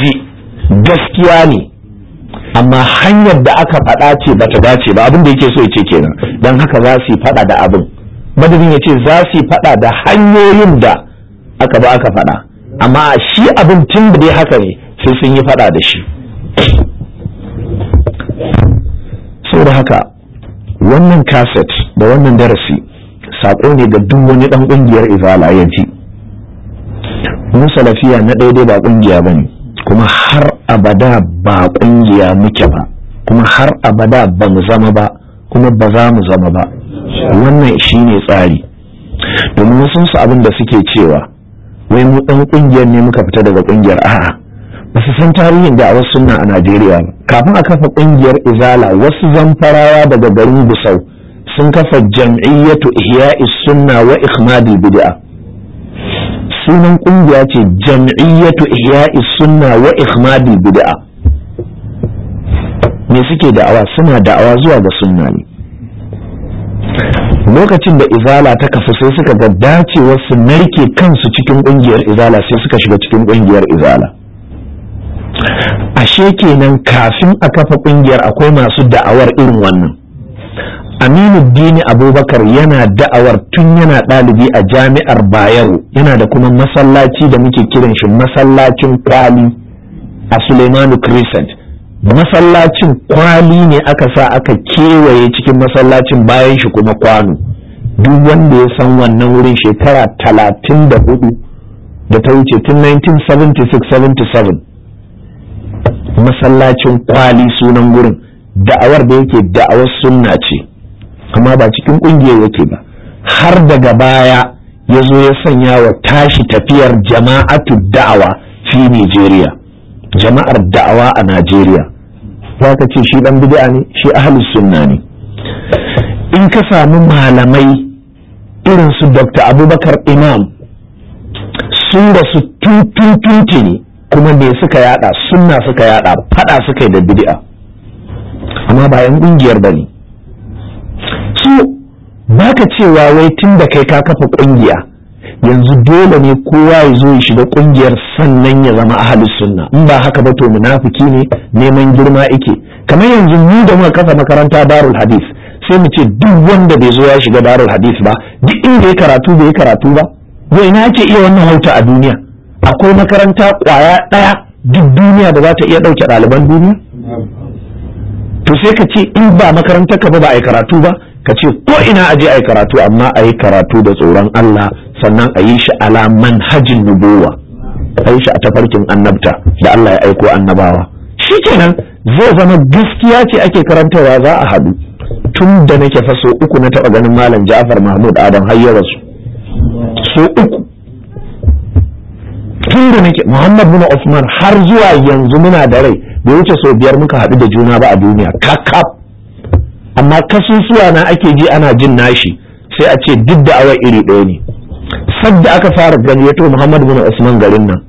ji gaskiya ne amma hanyar da aka faɗa ce ba ta dace ba abin da yake so ya ce kenan don haka za su yi faɗa da abin madadin ya ce za su yi faɗa da hanyoyin da aka ba aka faɗa amma shi abin tun da dai haka ne sai sun yi faɗa da shi da haka wannan kaset da wannan darasi saƙo ne ga duk wani ɗan ƙungiyar izala ya ji mu salafiya na daidai ba ƙungiya ba ne kuma har abada ba ƙungiya muke ba kuma har abada ba mu zama ba kuma ba za mu zama ba wannan shi ne tsari domin sun su abin da suke cewa wai mu ɗan ƙungiyar ne muka fita daga ƙungiyar a'a ba san tarihin da a wasu a najeriya kafin a kafa ƙungiyar izala wasu zamfarawa daga garin gusau sun kafa jam'iyyatu ihya'is sunna wa ikhmadi bid'a sunan ƙungiya ce jam'iyyatu ihya'is sunna wa ikhmadi bid'a me suke da'awa suna da'awa zuwa ga sunna ne lokacin da izala ta kafu sai suka ga dacewar su narke kansu cikin ƙungiyar izala sai suka shiga cikin ƙungiyar izala ashe kenan kafin a kafa kungiyar akwai masu da'awar irin wannan aminu dini abubakar yana da'awar tun yana ɗalibi a jami'ar bayero yana da kuma masallaci da muke kiran shi masallacin kwali a suleimanu crescent masallacin kwali ne aka sa aka kewaye cikin masallacin bayan shi kuma kwano duk wanda ya san wannan wurin shekara talatin da hudu da ta wuce tun 1976 masallacin kwali sunan gurin da'awar da yake da'awar sunna ce amma ba cikin ƙungiyar yake ba har daga baya ya zo ya sanya wa tashi tafiyar jama'atu da'awa fi Nigeria jama'ar da'awa a Najeriya za ka ce shi dan bid'a ne shi ahlus sunna ne in ka sami malamai irin su Dr. Abubakar Imam sun rasu su tutututu ne kuma me suka yada sunna suka yada fada suka yi da bid'a amma ba yan kungiyar bane so baka cewa wai tun da kai ka kafa kungiya yanzu dole ne kowa ya zo ya shiga kungiyar sannan ya zama ahalus sunna in ba haka ba to munafiki ne neman girma yake kamar yanzu mu da muka kafa makaranta darul hadith sai mu ce duk wanda bai zo ya shiga darul hadith ba duk inda ya karatu bai karatu ba Wai na ake iya wannan hauta a duniya akwai makaranta kwaya ɗaya duk duniya da za ta iya ɗauke ɗaliban duniya to sai ka ce in ba makaranta ka ba ba a yi karatu ba ka ce ko ina a je a yi karatu amma a yi karatu da tsoron Allah sannan a yi shi ala manhajin nubuwa a yi shi a tafarkin annabta da Allah ya aiko annabawa shi kenan zai zama gaskiya ce ake karantarwa za a haɗu tun da nake faso uku na taɓa ganin malam Ja'far Mahmud Adam har ya rasu so uku tun da nake Muhammad bin Usman har zuwa yanzu muna da rai bai wuce sau biyar muka haɗu da juna ba a duniya kakaf amma kasusuwa na ake ji ana jin nashi sai a ce duk da awa iri ɗaya ne Sab da aka fara ya to Muhammad bin Usman garin nan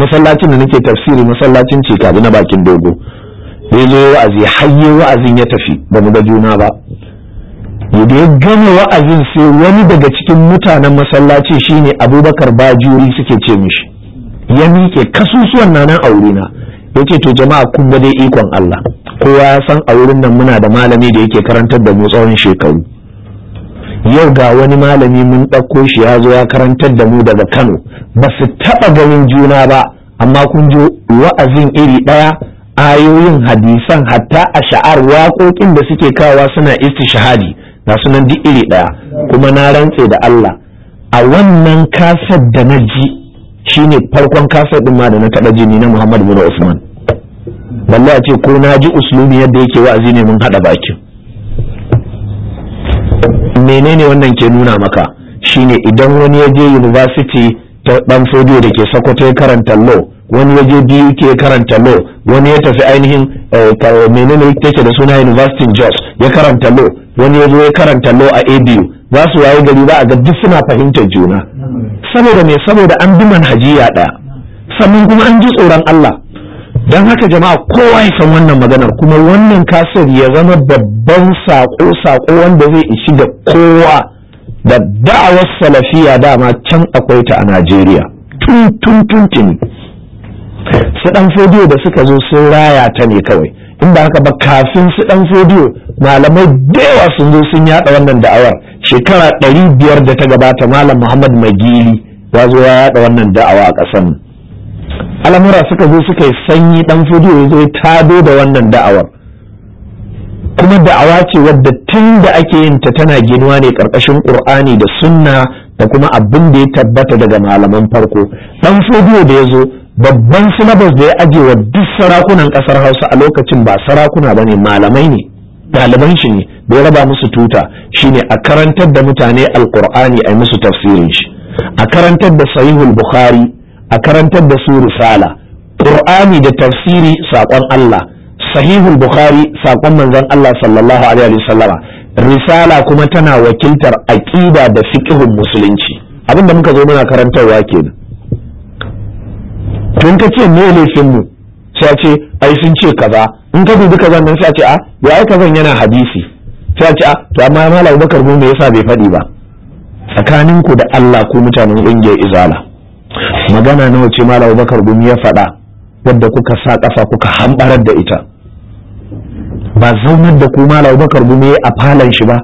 masallacin da nake tafsiri masallacin ce kabi na bakin dogo ya zo wa'azi hayye wa'azin ya tafi ba mu ga juna ba da ya gama wa'azin sai wani daga cikin mutanen masallaci shine abubakar bajuri suke ce mishi ya miƙe kasusuwan nanan wurina. ya ce to jama'a kun ga dai ikon Allah kowa ya san a wurin nan muna da malami da yake karantar da mu tsawon shekaru yau ga wani malami mun ɗauko shi ya zo ya karantar da mu daga Kano ba su taɓa ganin juna ba amma kun ji wa'azin iri ɗaya ayoyin hadisan hatta a sha'ar waƙoƙin da suke kawa suna shahadi. na sunan duk iri ɗaya kuma na rantse da Allah a wannan kasar da na ji shine farkon kasar ɗin ma da na taɓa jini na Muhammad bin Usman wallahi ce ko na ji uslumi yadda yake wa'azi ne mun haɗa bakin menene wannan ke nuna maka shine idan wani ya je university ta dan fodiyo da ke sokoto ya karanta law wani ya je biyu ke karanta law wani ya tafi ainihin eh, menene take da suna university jos ya karanta law wani ya zo ya karanta law a ABU za su waye gari za a ga duk suna fahimtar juna saboda me saboda an bi manhajiya ɗaya sannan kuma an ji tsoron Allah don haka jama'a kowa ya san wannan maganar kuma wannan kasar ya zama babban saƙo saƙo wanda zai ishi ga kowa da da'awar salafiya dama can akwai ta a Najeriya tun tun tun tun su ɗan fodiyo da suka zo sun raya ta ne kawai in ba haka ba kafin su ɗan fodiyo malamai da sun zo sun yaɗa wannan da'awar shekara ɗari biyar da ta gabata malam muhammad magili ya zo ya yada wannan da'awa a ƙasar al'amura suka zo suka yi sanyi ɗan fodiyo ya zo ya tado da wannan da'awar kuma da'awa ce wadda tun da ake yin ta tana ginuwa ne ƙarƙashin Ƙur'ani da sunna da kuma abin da ya tabbata daga malaman farko Ɗan fodiyo da ya zo babban syllabus da ya aje wa duk sarakunan kasar hausa a lokacin ba sarakuna ba ne malamai ne ɗaliban shi ne da ya raba musu tuta shine a karantar da mutane alkur'ani a yi musu tafsirin shi a karantar da sahihul bukhari a karantar da su risala qur'ani da tafsiri saƙon allah sahihul bukhari saƙon manzon allah sallallahu alaihi wasallama risala kuma tana wakiltar aƙida da fiqhun musulunci abin da muka zo muna karantarwa kenan tun ta ce me laifin mu sai ce ai sun ce kaza in ka dubi kaza nan sai ce a ah, ya ai kazan yana hadisi sai ce a ah, to amma malam Bakar mu me yasa bai faɗi ba tsakanin ku da Allah ku mutanen ƙungiyar izala magana nawa ce malam Bakar ya faɗa wadda kuka sa kafa kuka hambarar da ita ba zaunar da ku malam Bakar ya a falon shi ba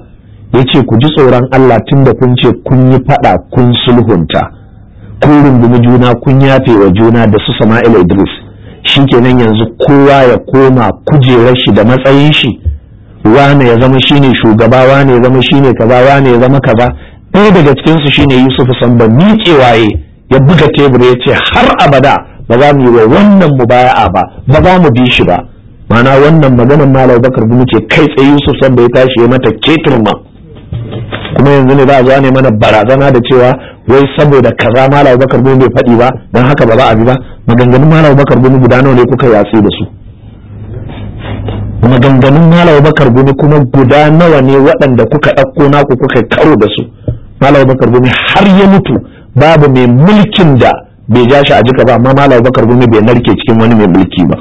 yace ku ji tsoron Allah tunda kun ce kun yi faɗa kun sulhunta kun rungumi juna kun yafe wa juna da su sama'il idris shi shikenan yanzu kowa ya koma kujerar shi da matsayin shi wane ya zama shine shugaba wane ya zama shine kaza wane ya zama kaza ɗaya daga cikin su shine yusuf samba waye ya buga tebur ya ce har abada ba za mu yi wa wannan mu baya'a ba ba za mu bi shi ba mana wannan maganar malam bakar bin ce kai tsaye yusuf samba ya tashi ya mata ketirma kuma yanzu ne za a zo mana barazana da cewa wai saboda kaza malam Abubakar Gumi bai faɗi ba don haka ba za a bi ba maganganun malam Abubakar Gumi guda nawa ne kuka yatsi da su maganganun malam Abubakar Gumi kuma guda nawa ne waɗanda kuka ɗauko naku kuka karo da su malam Abubakar Gumi har ya mutu babu mai mulkin da bai ja shi a jika ba amma malam Abubakar Gumi bai narke cikin wani mai mulki ba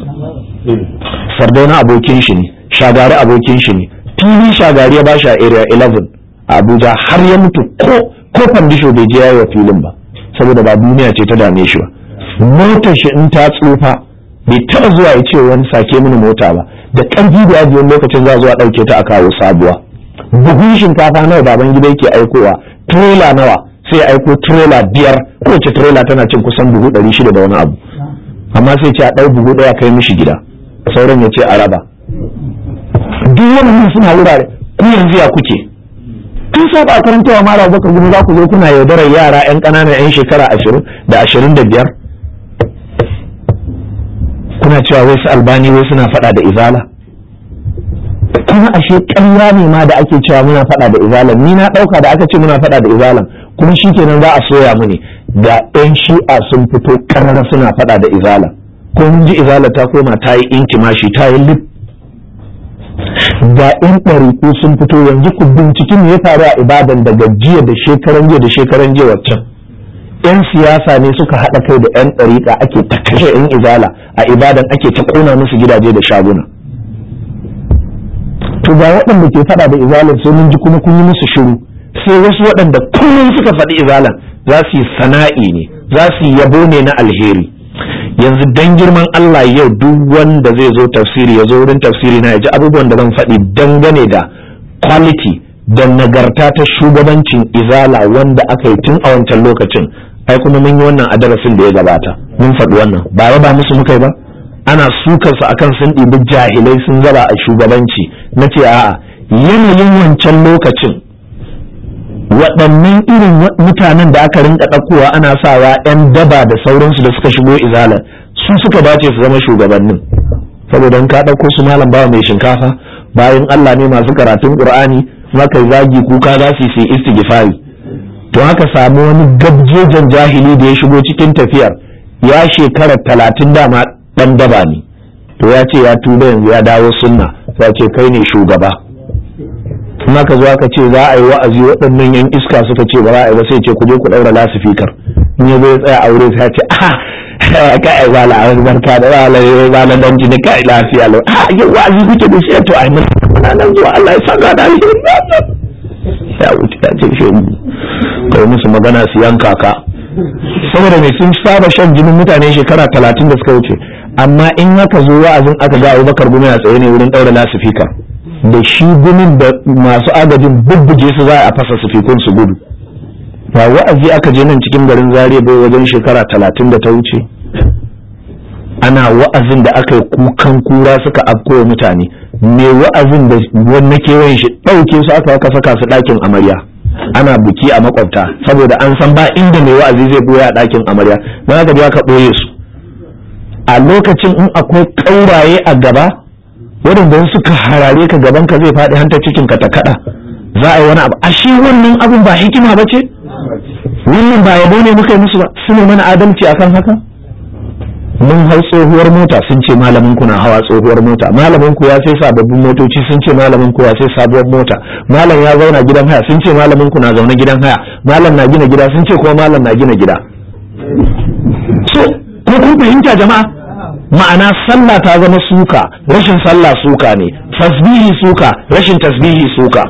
Sardauna abokin shi ne shagari abokin shi ne fili shagari ya bashi a area 11 abuja har ya mutu ko ko fandisho bai je yayi filin ba saboda ba duniya ce ta dame shi ba motar shi in ta tsufa bai taɓa zuwa ya ce wani sake mini mota ba da ƙarfi da wani lokacin za a zuwa ɗauke ta a kawo sabuwa buhun shinkafa nawa baban gida yake aikowa trailer nawa sai aiko trailer biyar kowace trailer tana cin kusan buhu ɗari shida da wani abu amma sai ce a ɗau buhu ɗaya kai mishi gida sauran ya ce a raba duk wannan suna wurare ku yanzu ya kuke in so ba karantawa mara zaka gudu za ku zo kuna yaudarar yara yan ƙananan yan shekara ashirin da ashirin da biyar kuna cewa wai su albani wai suna faɗa da izala kuma ashe ƙarya ne ma da ake cewa muna faɗa da Izala, ni na ɗauka da aka ce muna faɗa da Izala, kuma shi kenan za a soya mu ne da ɗan shi'a sun fito ƙarar suna faɗa da Izala. ko mun ji izala ta koma ta yi intimashi ta yi lip ga yan ɗariƙu sun fito yanzu ku binciki me ya faru a ibadan daga jiya da shekaran jiya da shekaran jiya waccan yan siyasa ne suka haɗa kai da yan ɗariƙa ake ta kashe yan izala a ibadan ake ta ƙona musu gidaje da shaguna to ga waɗanda ke faɗa da izalan sai mun ji kuma kun yi musu shiru sai wasu waɗanda kullum suka faɗi izalan za su yi sana'i ne za su yi yabo ne na alheri yanzu dan girman Allah yau duk wanda zai zo tafsiri ya zo wurin tafsiri na ya ji abubuwan da zan faɗi dangane da quality da nagarta ta shugabancin izala wanda aka yi tun a wancan lokacin ai kuma mun yi wannan a darasin da ya gabata mun faɗi wannan ba ya ba musu muka yi ba ana su akan sun ɗibi jahilai sun zaba a shugabanci na ce a'a yanayin wancan lokacin waɗannan irin mutanen da aka rinka ɗaukowa ana sawa 'yan daba da sauransu da suka shigo izalar su suka dace su zama shugabannin saboda in ka ɗauko su malam bawa mai shinkafa bayan Allah ne masu karatun ƙur'ani maka zagi kuka za su yi istighfari to haka samu wani gabjejan jahili da ya shigo cikin tafiyar ya shekara talatin dama ɗan daba ne to ya ce ya tuba yanzu ya dawo sunna ya ce kai ne shugaba Na ka zo aka ce za a yi wa'azi waɗannan yan iska suka ce ba za a yi ba sai ce ku je ku ɗaura lasifikar in ya zo ya tsaya aure sai ce a ka ai ba la'awar barka da ba la yau eh, ba la danji da ka ai lafiya lau a yi wa'azi kuke da sai to yi mun muna nan zuwa Allah ya saka da shi ya wuce ya ce shi kai musu magana su yanka ka saboda mai sun saba shan jinin mutane shekara talatin da suka wuce amma in aka zo wa'azin aka ga Abubakar gumi a tsaye ne wurin ɗaura lasifikar. da shi gumin da masu agajin bubbuje su za a fasa su fikun su gudu ba wa'azi aka je nan cikin garin zariya bai wajen shekara talatin da ta wuce ana wa'azin da aka yi kukan kura suka afkowa mutane me wa'azin da wani kewayen shi ɗauke su aka aka saka su ɗakin amarya ana buki a makwabta saboda an san ba inda mai wa'azi zai ɓoye a ɗakin amarya na ga ka ɓoye su a lokacin in akwai ƙauraye a gaba waɗanda suka harare ka gaban ka zai faɗi hanta cikin ka ta kaɗa za a yi wani abu ashe wannan abin ba hikima ba ce wannan ba yabo ne muka yi musu ba su ne mana adalci akan haka mun hau tsohuwar mota sun ce malamin ku na hawa tsohuwar mota malamin ku ya sai sababbin motoci sun ce malamin ku ya sai sabuwar mota malam ya zauna gidan haya sun ce malamin ku na zaune gidan haya malam na gina gida sun ce kuma malam na gina gida so ko kun fahimta jama'a ma'ana sallah ta zama suka rashin sallah suka ne tasbihi suka rashin tasbihi suka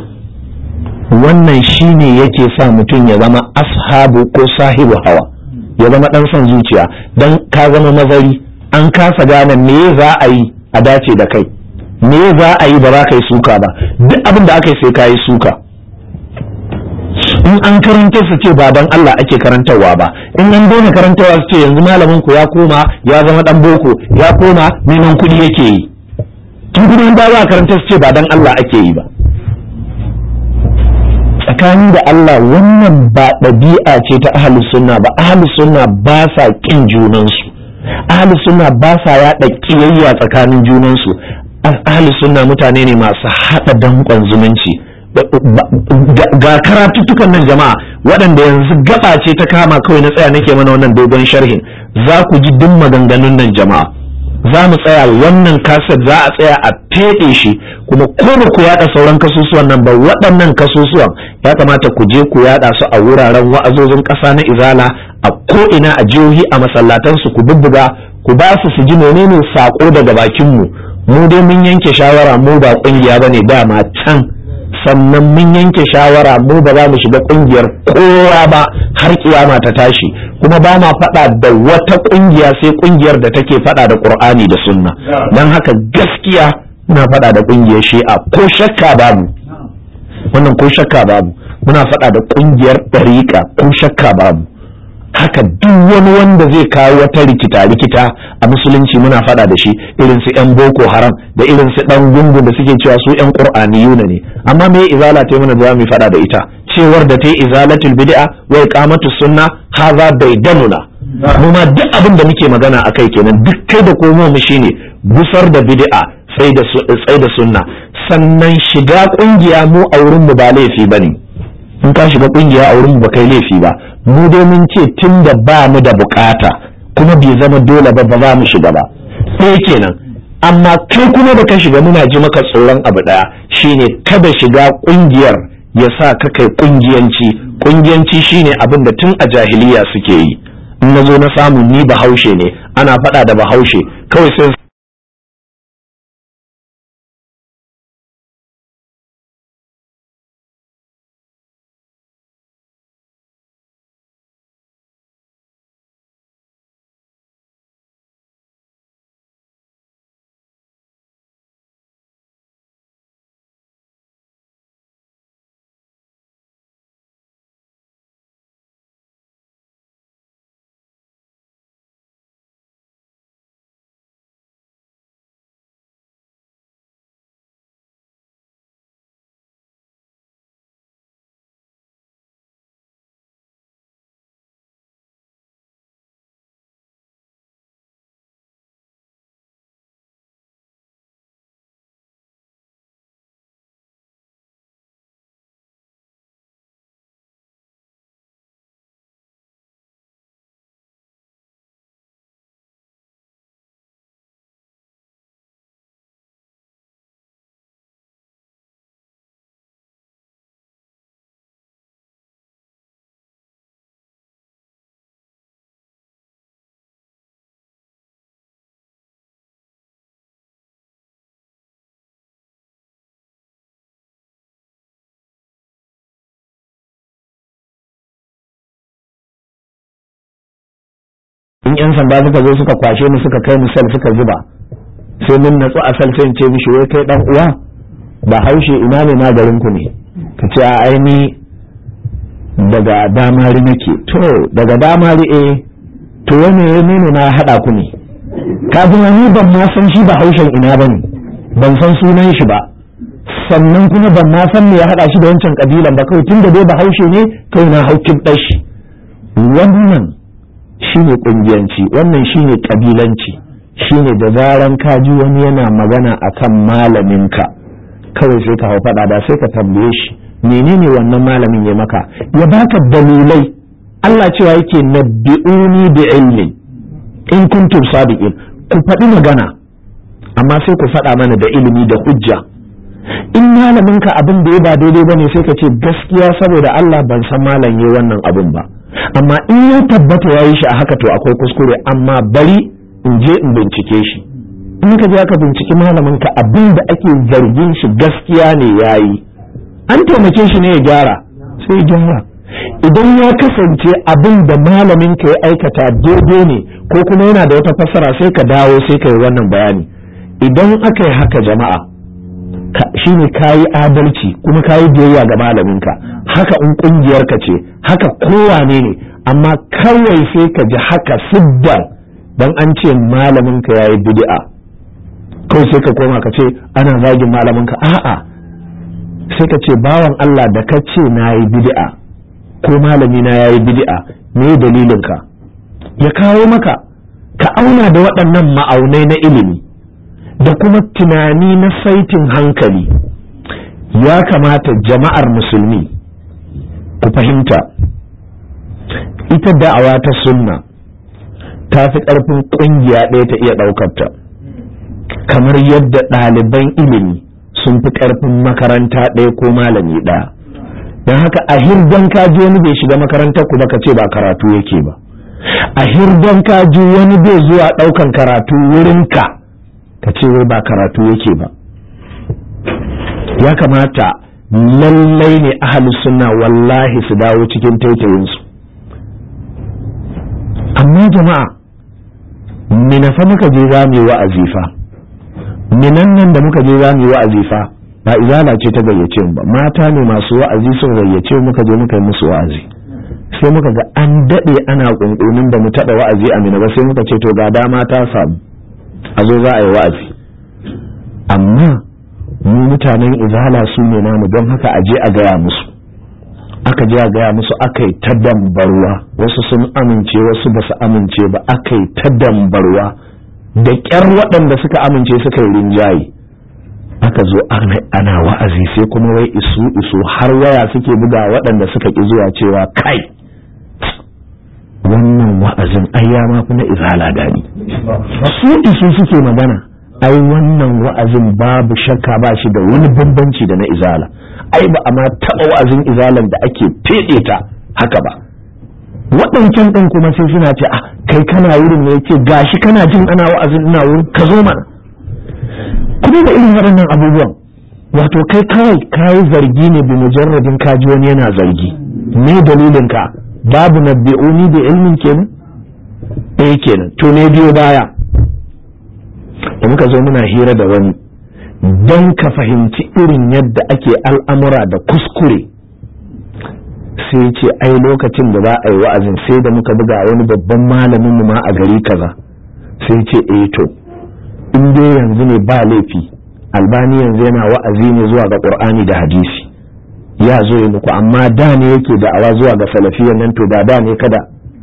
wannan shine yake sa mutum ya zama ashabu ko sahibu hawa ya zama dan son zuciya dan ka zama mazari an kasa gane me za a yi a dace da kai me za a yi ba za ka yi suka ba duk abin da aka yi sai ka yi suka in an karanta su ce ba Allah ake karantarwa ba in an daina karantarwa su ce yanzu malamin ku ya koma ya zama dan boko ya koma neman kuɗi yake yi tun kuma in ba za karanta su ce ba dan Allah ake yi ba tsakani da Allah wannan ba ɗabi'a ce ta ahalus sunna ba ahalus sunna ba sa ƙin junansu ahalus sunna ba sa yaɗa ƙiyayya tsakanin junansu ahalus sunna mutane ne masu haɗa danƙon zumunci ga karatuttukan nan jama'a waɗanda yanzu gaba ce ta kama kawai na tsaya nake mana wannan dogon sharhin za ku ji duk maganganun nan jama'a za mu tsaya wannan kaset za a tsaya a feɗe shi kuma ko ba ku yaɗa sauran kasusuwan nan ba waɗannan kasusuwan ya kamata ku je ku yaɗa su a wuraren wa'azozin ƙasa na izala a ko'ina a jihohi a masallatansu ku bubbuga ku ba su su ji menene saƙo daga bakinmu mu dai mun yanke shawara mu ba ƙungiya ba ne dama can sannan mun yanke shawara mu ba za mu shiga kungiyar kowa ba har kiyama ta tashi kuma ba ma faɗa da wata kungiya sai kungiyar da take faɗa da qur'ani da sunna dan haka gaskiya muna faɗa da kungiyar shi'a ko shakka babu wannan ko shakka babu muna faɗa da kungiyar ɗariƙa ko shakka babu haka duk wani wanda zai kawo wata rikita rikita a musulunci muna fada da shi irin su yan boko haram da irin su dan gungun da suke cewa su yan yuna ne amma me izala ta mana zamu mu fada da ita cewar da ta izalatul bid'a wa iqamatus sunna haza bai mu ma duk abin da muke magana akai kenan duk kai da komo mu shine gusar da bid'a sai da sai da sunna sannan shiga kungiya mu a wurin mu ba laifi bane in ka shiga kungiya a wurin ba kai laifi ba mu dai mun ce tun da ba mu da bukata kuma bai zama dole ba ba za mu shiga ba sai kenan amma kai kuma ba ka shiga muna ji maka tsoron abu daya shine kada shiga kungiyar ya sa ka kai kungiyanci kungiyanci shine abin da tun a jahiliya suke yi in na zo na samu ni bahaushe ne ana faɗa da bahaushe kawai sai yan sanda suka zo suka kwashe mu suka kai mu sel suka zuba sai mun natsu a sel sai ce mishi wai kai dan uwa ba haushe ina ne na garin ku ne ka ce a aini daga damari nake to daga damari eh to wani ne na hada ku ne kafin ni ban ma san shi ba haushen ina ba ne ban san sunan shi ba sannan kuma ban ma san me ya haɗa shi da wancan kabilan ba kawai tun da dai ba haushe ne kawai na haukin ɗashi wannan Shi ne ƙungiyanci, wannan shi ne ƙabilanci, shi ne da zaran ka ji wani yana magana a kan malaminka kawai sai ka hau faɗa da sai ka tambaye shi menene wannan malamin ya maka ya baka dalilai Allah cewa yake na bi'uni da ilmi in kuntum sadiqin ku faɗi magana amma sai ku faɗa mana da ilimi da hujja in malaminka abin da ya ba daidai bane sai ka ce gaskiya saboda Allah ban san malam ya wannan abin ba amma in ya tabbata ya yi shi a haka to akwai kuskure amma bari in je in bincike shi in ka je ka binciki malamin ka abin da ake zargin shi gaskiya ne ya yi an taimake shi ne ya gyara sai gyara idan ya kasance abin da malamin ka ya aikata daidai ne ko kuma yana da wata fassara sai ka dawo sai ka yi wannan bayani idan aka yi haka jama'a shi ne ka yi adalci kuma ka yi biyayya ga malaminka haka in ƙungiyarka ce haka kowane ne amma kawai sai ka ji haka siddar dan an ce malaminka ya yi bidi'a kawai sai ka koma ka ce ana zagin malaminka a'a sai ka ce bawan Allah da ka ce na yi bid'a ko malami na yayi bidi'a me dalilinka ya kawo maka ka auna da waɗannan ma'aunai na ilimi da kuma tunani na saitin hankali ya kamata jama'ar musulmi ku fahimta ita da'awa ta sunna ta fi ƙarfin ƙungiya ɗaya ta iya ɗaukarta kamar yadda ɗaliban ilimi sun fi ƙarfin makaranta ɗaya ko malami ɗaya don haka a hirdan kaji wani bai shiga makarantar ku baka ce ba karatu yake ba a hirdan kaji wani bai zuwa ɗaukan karatu wurinka ka ce wai ba karatu yake ba ya kamata lallai ne ahalus suna wallahi su dawo cikin taitayinsu amma jama'a mina fa muka je za mu yi wa'azi fa minan nan da muka je za mu yi wa'azi fa ba izala ce ta gayyace mu ba mata ne masu wa'azi sun gayyace muka je muka yi musu wa'azi sai muka ga an daɗe ana ƙunƙunin da mu taɓa wa'azi a mina ba sai muka ce to ga dama ta samu a zo za a yi wa'azi amma mu mutanen izala su ne namu don haka a je a gaya musu aka je a gaya musu aka yi ta dambarwa wasu sun amince wasu ba su amince ba aka yi ta dambarwa da ƙyar waɗanda suka amince suka yi rinjaye aka zo ana wa'azi sai kuma wai isu isu har waya suke buga waɗanda suka ƙi zuwa cewa kai wannan wa'azin ai ya ma na izala dadi su isu suke magana ai wannan wa'azin babu shakka ba shi da wani bambanci da na izala ai ba a ma wa'azin izalan da ake feɗe ta haka ba waɗancan ɗin kuma sai suna ce ah kai kana wurin ne yake gashi kana jin ana wa'azin ina wurin ka zo mana kuma da irin waɗannan abubuwan wato kai kawai kayi zargi ne bi mujarradin kaji wani yana zargi me dalilin ka babu nabbi'uni da ilmin kenan ɗaya eh kenan to ne biyo baya da muka zo muna hira da wani don ka fahimci irin yadda ake al'amura da kuskure sai ce ai lokacin da za a yi wa'azin sai da muka buga wani babban malamin mu ma a gari kaza sai ce eh to in dai yanzu ne ba laifi albani yanzu yana wa'azi ne zuwa ga qur'ani da hadisi ya zo ya muku amma da ne yake da'awa zuwa ga salafiyan nan to da da ne kada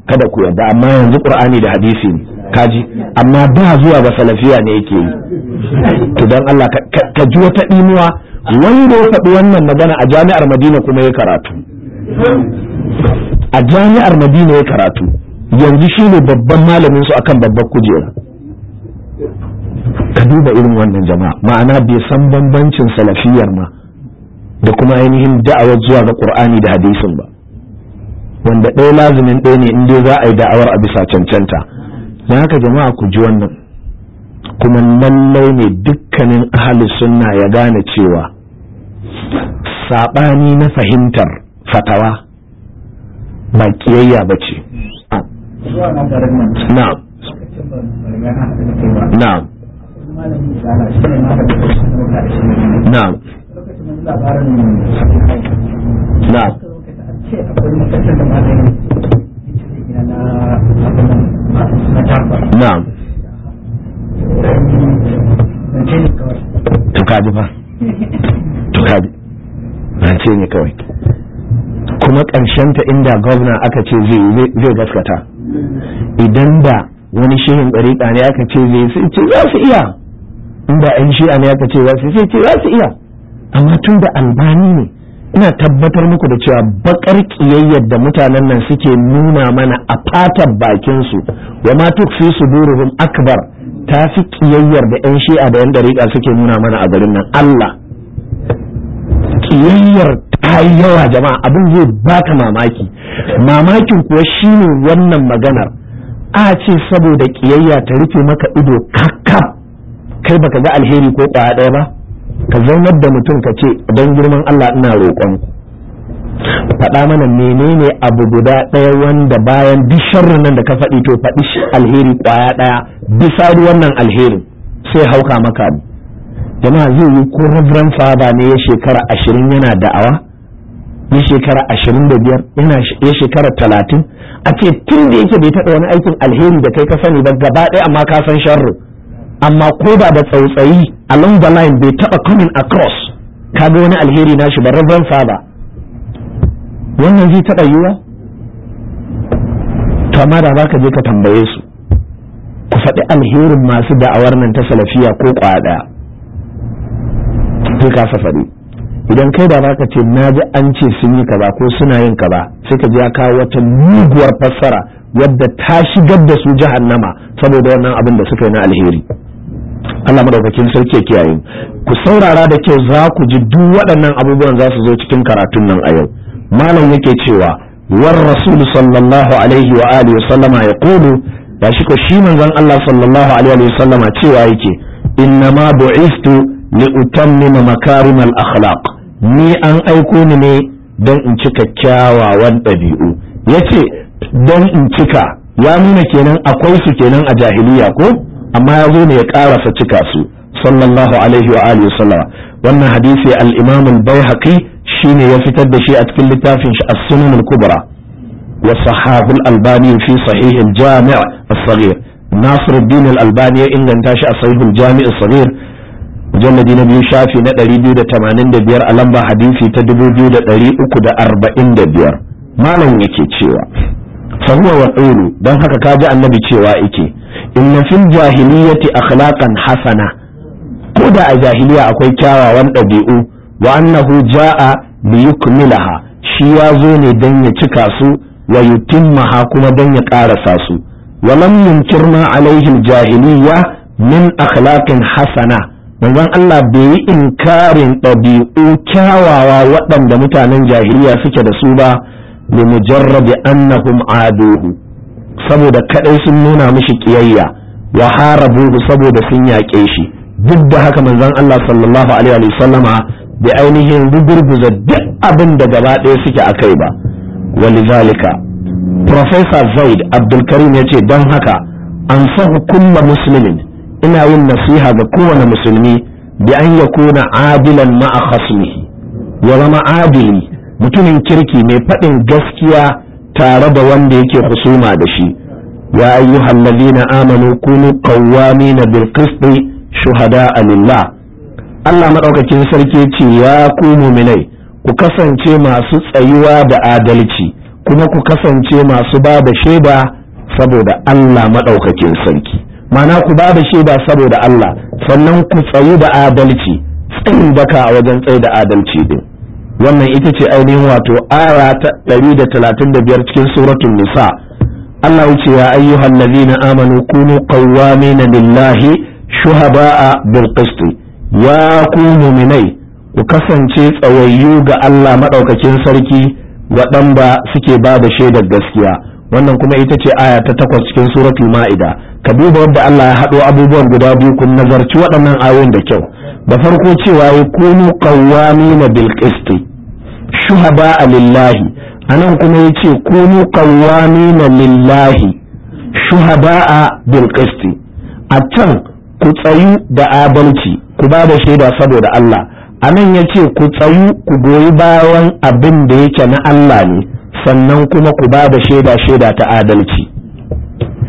kada ku yadda, amma yanzu qur'ani da hadisi ne kaji amma da zuwa ga salafiya ne yake yi to dan Allah ka ji wata ɗinuwa wanda ya faɗi wannan magana a jami'ar Madina kuma ya karatu a jami'ar Madina ya karatu yanzu shine babban malamin su akan babbar kujera ka duba irin wannan jama'a ma'ana bai san bambancin salafiyar ma da kuma ainihin da'awar zuwa ga qur'ani da hadisin ba wanda ɗaya lazumin ɗaya ne in dai za a yi da'awar a bisa cancanta don haka jama'a ku ji wannan kuma nan ne dukkanin ahalus sunna ya gane cewa saɓani na fahimtar fatawa ba kiyayya ba ce na'am na'am na'am na Na. to kaji fa to na ce ne kawai kuma ƙarshenta inda gwamna aka ce zai gaskata idan da wani shehin ɗariƙa ne aka ce zai ce za su iya inda 'yan shi'a ne aka ce za su sai ce za su iya amma tun da albani ne ina tabbatar muku da cewa bakar kiyayyar da mutanen nan suke nuna mana a fatan bakinsu wa ma tukfi suduruhum akbar ta fi kiyayyar da yan shi'a da yan dariƙa suke nuna mana a garin nan Allah kiyayyar ta yi yawa jama'a abin zai baka mamaki mamakin kuwa shine wannan maganar a ce saboda kiyayya ta rufe maka ido kakkab kai baka ga alheri ko ɗaya ba ka zaunar da mutum ka ce don girman Allah ina roƙon faɗa mana menene abu guda ɗaya wanda bayan duk sharrin nan da ka faɗi to faɗi alheri ƙwaya ɗaya bisa wannan alheri sai hauka maka jama'a zai yi ko reverend father ne ya shekara ashirin yana da'awa ya shekara ashirin da biyar ya shekara talatin a ce tun da yake bai taɓa wani aikin alheri da kai ka sani ba gaba ɗaya amma ka san sharrin amma ko da da tsautsayi along the line bai taba coming across kaga wani alheri na nashi ba rabban fada wannan zai taba yiwa to amma da zaka je ka tambaye su ku faɗi alherin masu da'awar nan ta salafiya ko kwada sai ka faɗi idan kai da zaka ce na ji an ce sun yi kaza ko suna yin kaza sai ka ji ya kawo wata muguwar fassara wadda ta shigar da su jahannama saboda wannan abin da suka yi na alheri Allah madaukakin sarki ya kiyaye ku saurara da kyau za ku ji duk waɗannan abubuwan za su zo cikin karatun nan a yau malam yake cewa war rasul sallallahu alaihi wa alihi sallama ya kulu ya shi ko shi manzon Allah sallallahu alaihi wa sallama cewa yake inna ma bu'istu li utammima makarim akhlaq ni an aiko ni ne dan in cika kyawawan ɗabi'u yace dan in cika ya nuna kenan akwai su kenan a jahiliya ko amma ya zo ne ya karasa cika su sallallahu alaihi wa alihi wannan hadisi al-imam al shine ya fitar da shi a cikin littafin shi as-sunan al-kubra wa sahih al-albani fi sahih al-jami' as-saghir al-albani ya inganta shi a sahih al-jami' as-saghir mujalladi na biyu shafi na 285 a lamba hadisi ta 2345 malam yake cewa fahuwa wa don haka ka ji annabi cewa ike inna fil jahiliyyati akhlaqan hasana ko da a jahiliya akwai kyawawan ɗabi'u wa annahu ja'a li yukmilaha shi ya zo ne don ya cika su wa yutimmaha kuma don ya sa su wa lam yunkirna alaihi jahiliyya min akhlaqin hasana manzon Allah bai yi inkarin ɗabi'u kyawawa waɗanda mutanen jahiliya suke da su ba li mujarrabi annahum aduhu saboda kadai sun nuna mishi kiyayya wa bugu saboda sun yaƙe shi duk da haka manzon Allah sallallahu alaihi wa sallama bi ainihin rugurguza duk abin da gaba ɗaya suke akai ba walizalika professor Zaid Abdulkarim yace don haka an sahu kulla muslimin ina yin nasiha ga kowane musulmi bi an yakuna adilan ma'a khasmihi ya zama adili mutumin kirki mai faɗin gaskiya tare da wanda yake husuma da shi ya ayyuhal ladina amanu kunu na bil qisti shuhada alillah Allah madaukakin sarki ce ya ku mu'minai ku kasance masu tsayuwa da adalci kuma ku kasance masu ba da shaida saboda Allah madaukakin sarki mana ku ba da shaida saboda Allah sannan ku tsayu da adalci tsayin baka a wajen tsayi da adalci din wannan ita ce ainihin wato aya ta da da talatin biyar cikin suratun nisa Allah ya ce ya ayyuhal ladina amanu kunu qawwamina lillahi shuhaba'a bil qist ya ku mu'minai ku kasance tsawayyu ga Allah madaukakin sarki ba suke ba da shaidar gaskiya wannan kuma ita ce aya ta takwas cikin suratul ma'ida ka duba wanda Allah ya haɗo abubuwan guda biyu kun nazarci waɗannan ayoyin da kyau da farko cewa ya kunu qawwamina bil qist shuhada lillahi anan kuma yace kunu na lillahi shuhada bil qist a can ku tsayu da adalci ku ba da shaida saboda Allah anan yace ku tsayu ku goyi bayan abin da yake na Allah ne sannan kuma ku ba da shaida shaida ta adalci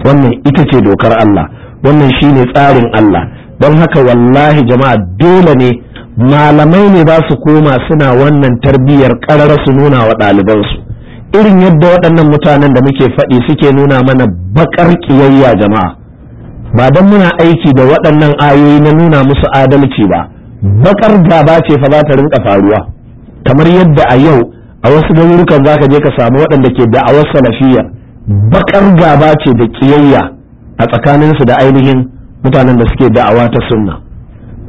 wannan ita ce dokar Allah wannan shine tsarin Allah don haka wallahi jama'a dole ne malamai ne ba su koma suna wannan tarbiyyar ƙarar su nuna wa ɗalibansu irin yadda waɗannan mutanen da muke faɗi suke nuna mana baƙar ƙiyayya jama'a ba don muna aiki da waɗannan ayoyi na nuna musu adalci ba baƙar gaba ce fa za ta rinka faruwa kamar yadda a yau a wasu garurukan za ka je ka samu waɗanda ke da'awar salafiya bakar gaba ce da kiyayya a tsakaninsu da ainihin mutanen da suke da'awa ta sunna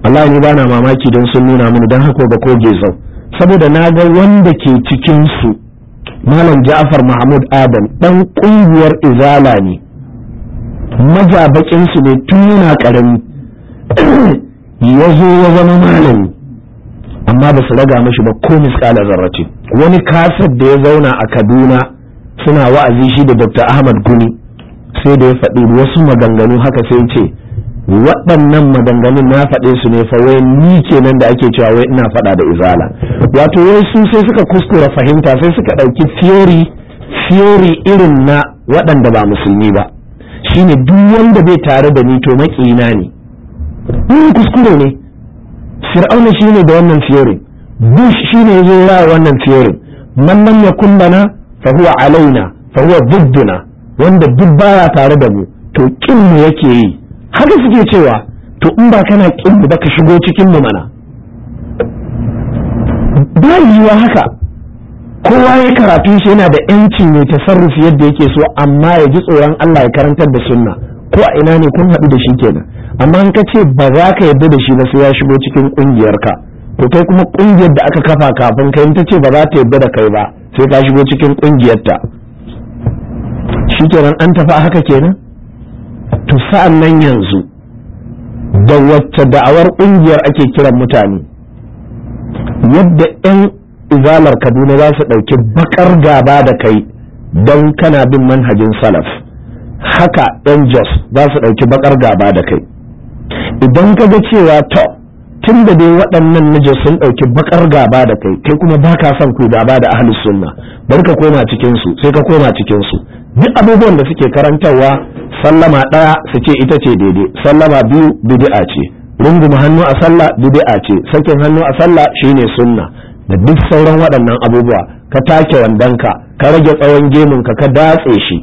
Allah ni bana mamaki don sun nuna mini don haka ga koge zau saboda na ga wanda ke cikin su malam Ja'far Mahmud Adam dan kungiyar Izala ne majabakin su ne tun yana karami ya zo ya zama malami amma ba su raga mashi ba ko misƙala zarrace wani kasar da ya zauna a kaduna suna wa'azi shi da dr ahmad guni sai da ya faɗi wasu maganganu haka sai ce waɗannan maganganun na faɗe su ne fa wai ni kenan da ake cewa wai ina faɗa da izala wato wai su sai suka kuskura fahimta sai suka ɗauki theory theory irin na waɗanda ba musulmi ba shine duk wanda bai tare da ni to maƙina ne kuskure ne fir'auna ne da wannan theory bush shine yazo ya wannan theory man ya yakun na fa huwa alaina fa huwa wanda duk baya tare da mu to kin mu yake yi haka suke cewa to in ba kana kin mu ba ka shigo cikin mu mana ba haka kowa ya karatu shi yana da yancin ya tasarrufi yadda yake so amma ya ji tsoron Allah ya karantar da sunna ko a ina ne kun haɗu da shi kenan amma in ka ce ba za ka yarda da shi ba sai ya shigo cikin ƙungiyarka to kai kuma ƙungiyar da aka kafa kafin kai in ta ce ba za ta yarda da kai ba sai ka shigo cikin ƙungiyarta kenan an tafi haka kenan to sa'an nan yanzu da wacce da'awar ƙungiyar ake kiran mutane yadda 'yan izalar kaduna za su ɗauki bakar gaba da kai don kana bin manhajin salaf haka 'yan jos za su ɗauki bakar gaba da kai idan ka ga cewa to tun da dai waɗannan naje sun ɗauki bakar gaba da kai kai kuma ba ka son ku gaba da ahlus sunna bar ka koma cikinsu sai ka koma cikinsu su duk abubuwan da suke karantarwa sallama ɗaya su ce ita ce daidai sallama biyu bid'a ce runguma hannu a sallah bid'a ce sakin hannu a sallah shine sunna da duk sauran waɗannan abubuwa ka take wandanka ka rage tsawon gemunka ka datse shi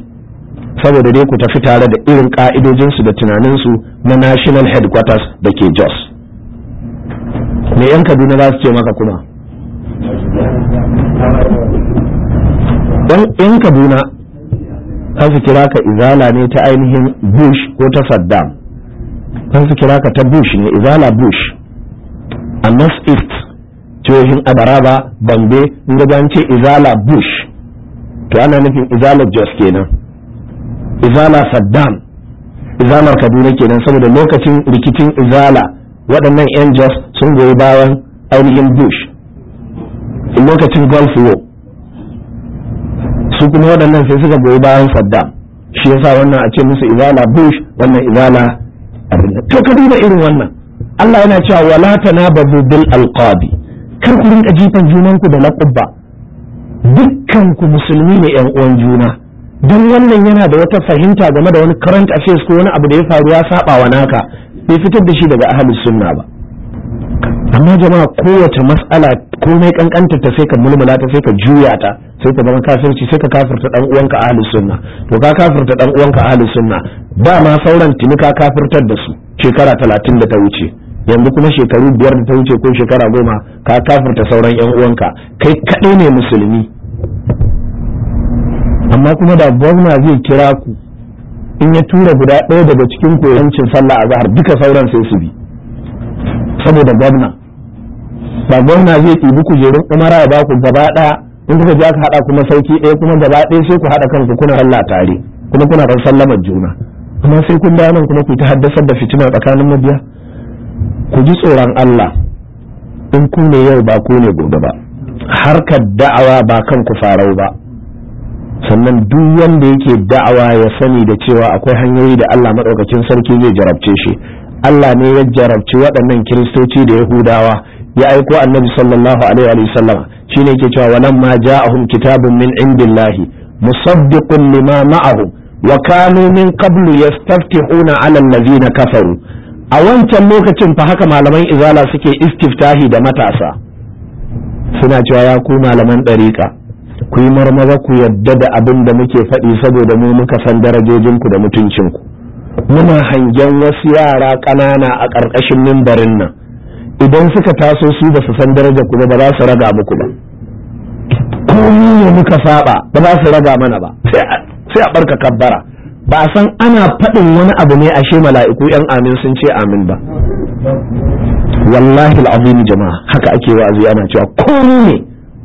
saboda dai ku tafi tare da irin ƙa'idojinsu da tunaninsu na national headquarters da ke jos me yan kaduna za su ce maka kuma yan kaduna kan su kira ka izala ne ta ainihin bush ko ta saddam kan su kira ka ta bush ne izala bush a north east jihohin abaraba bambe in ce izala bush to ana nufin izala jos kenan izala saddam izalar kaduna kenan saboda lokacin rikicin izala waɗannan yan jos sun goyi bayan ainihin bush lokacin gulf war su kuma waɗannan sai suka goyi bayan saddam shi yasa wannan a ce musu izala bush wannan izala to ka duba irin wannan Allah yana cewa wala tanabazu bil alqabi kar ku rinka jifan junanku da laqabba dukkan ku musulmi ne yan uwan juna don wannan yana da wata fahimta game da wani current affairs ko wani abu da ya faru ya saba wa naka bai fitar da shi daga ahlus sunna ba amma jama'a kowace mas'ala komai kankanta ta sai ka mulmula ta sai ka juya ta sai ka zama kafirci sai ka kafirta dan uwanka ahlus sunna to ka kafirta dan uwanka ahlus sunna ba ma sauran tuni ka kafirtar da su shekara talatin da ta wuce yanzu kuma shekaru biyar da ta wuce ko shekara goma ka kafirta sauran yan uwanka kai kaɗai ne musulmi amma kuma da gwamna zai kira ku in ya tura guda ɗaya daga cikin koyancin sallah a zahar duka sauran sai su bi saboda gwamna ba gwamna zai ɗibi kujerun umara ya baku gaba ɗaya in kuka je aka haɗa kuma sauki ɗaya kuma gaba ɗaya sai ku haɗa kanku kuna sallah tare kuma kuna kan sallamar juna amma sai kun dawo nan kuma ku ta haddasa da fitina tsakanin mabiya ku ji tsoron Allah in ku ne yau ba ku ne gobe ba harkar da'awa ba kan ku farau ba sannan duk wanda yake da'awa ya sani da cewa akwai hanyoyi da Allah maɗaukakin sarki zai jarabce shi Allah ne ya jarabci waɗannan kiristoci da yahudawa ya aiko annabi sallallahu alaihi wa sallam shine yake cewa walam ma ja'ahum kitabun min indillahi musaddiqun lima ma'ahum wa kanu min qablu yastaftihuna 'ala allazina kafaru a wancan lokacin fa haka malaman izala suke istiftahi da matasa suna cewa ya ku malaman ɗarika. ku yi marmaza ku yadda da abin da muke faɗi saboda mu muka san darajojinku da mutuncinku muna hangen wasu yara ƙanana a ƙarƙashin mimbarin nan idan suka taso su ba su san daraja ku ba za su raga muku ba ko ne muka saba ba za su raga mana ba sai a barka kabbara ba san ana faɗin wani abu ne ashe mala'iku yan amin sun ce amin ba wallahi al'azim jama'a haka ake wa'azi ana cewa ko ne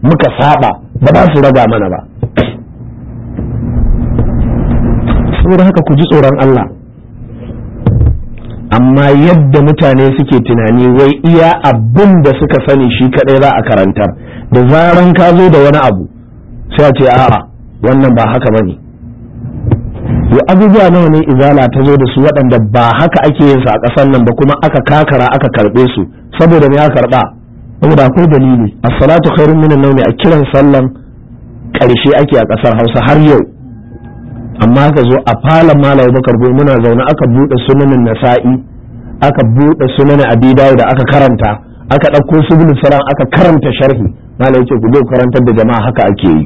muka saba ba za su raga mana ba saboda haka ku ji tsoron Allah amma yadda mutane suke tunani wai iya abin da suka sani shi kadai za a karantar da zaran ka zo da wani abu sai a ce a'a wannan ba haka bane ya abubuwa nawa ne izala ta zo da su waɗanda ba haka ake yin su a ƙasar nan ba kuma aka kakara aka karɓe su saboda ne aka karɓa saboda akwai dalili as-salatu khairun minan nawmi a kiran sallan karshe ake a kasar Hausa har yau amma ka zo a falon malam Bakar bai muna zaune aka buɗe sunanin Nasa'i aka bude sunanin Abi da aka karanta aka ɗauko subul salam aka karanta sharhi mala yake ku karantar da jama'a haka ake yi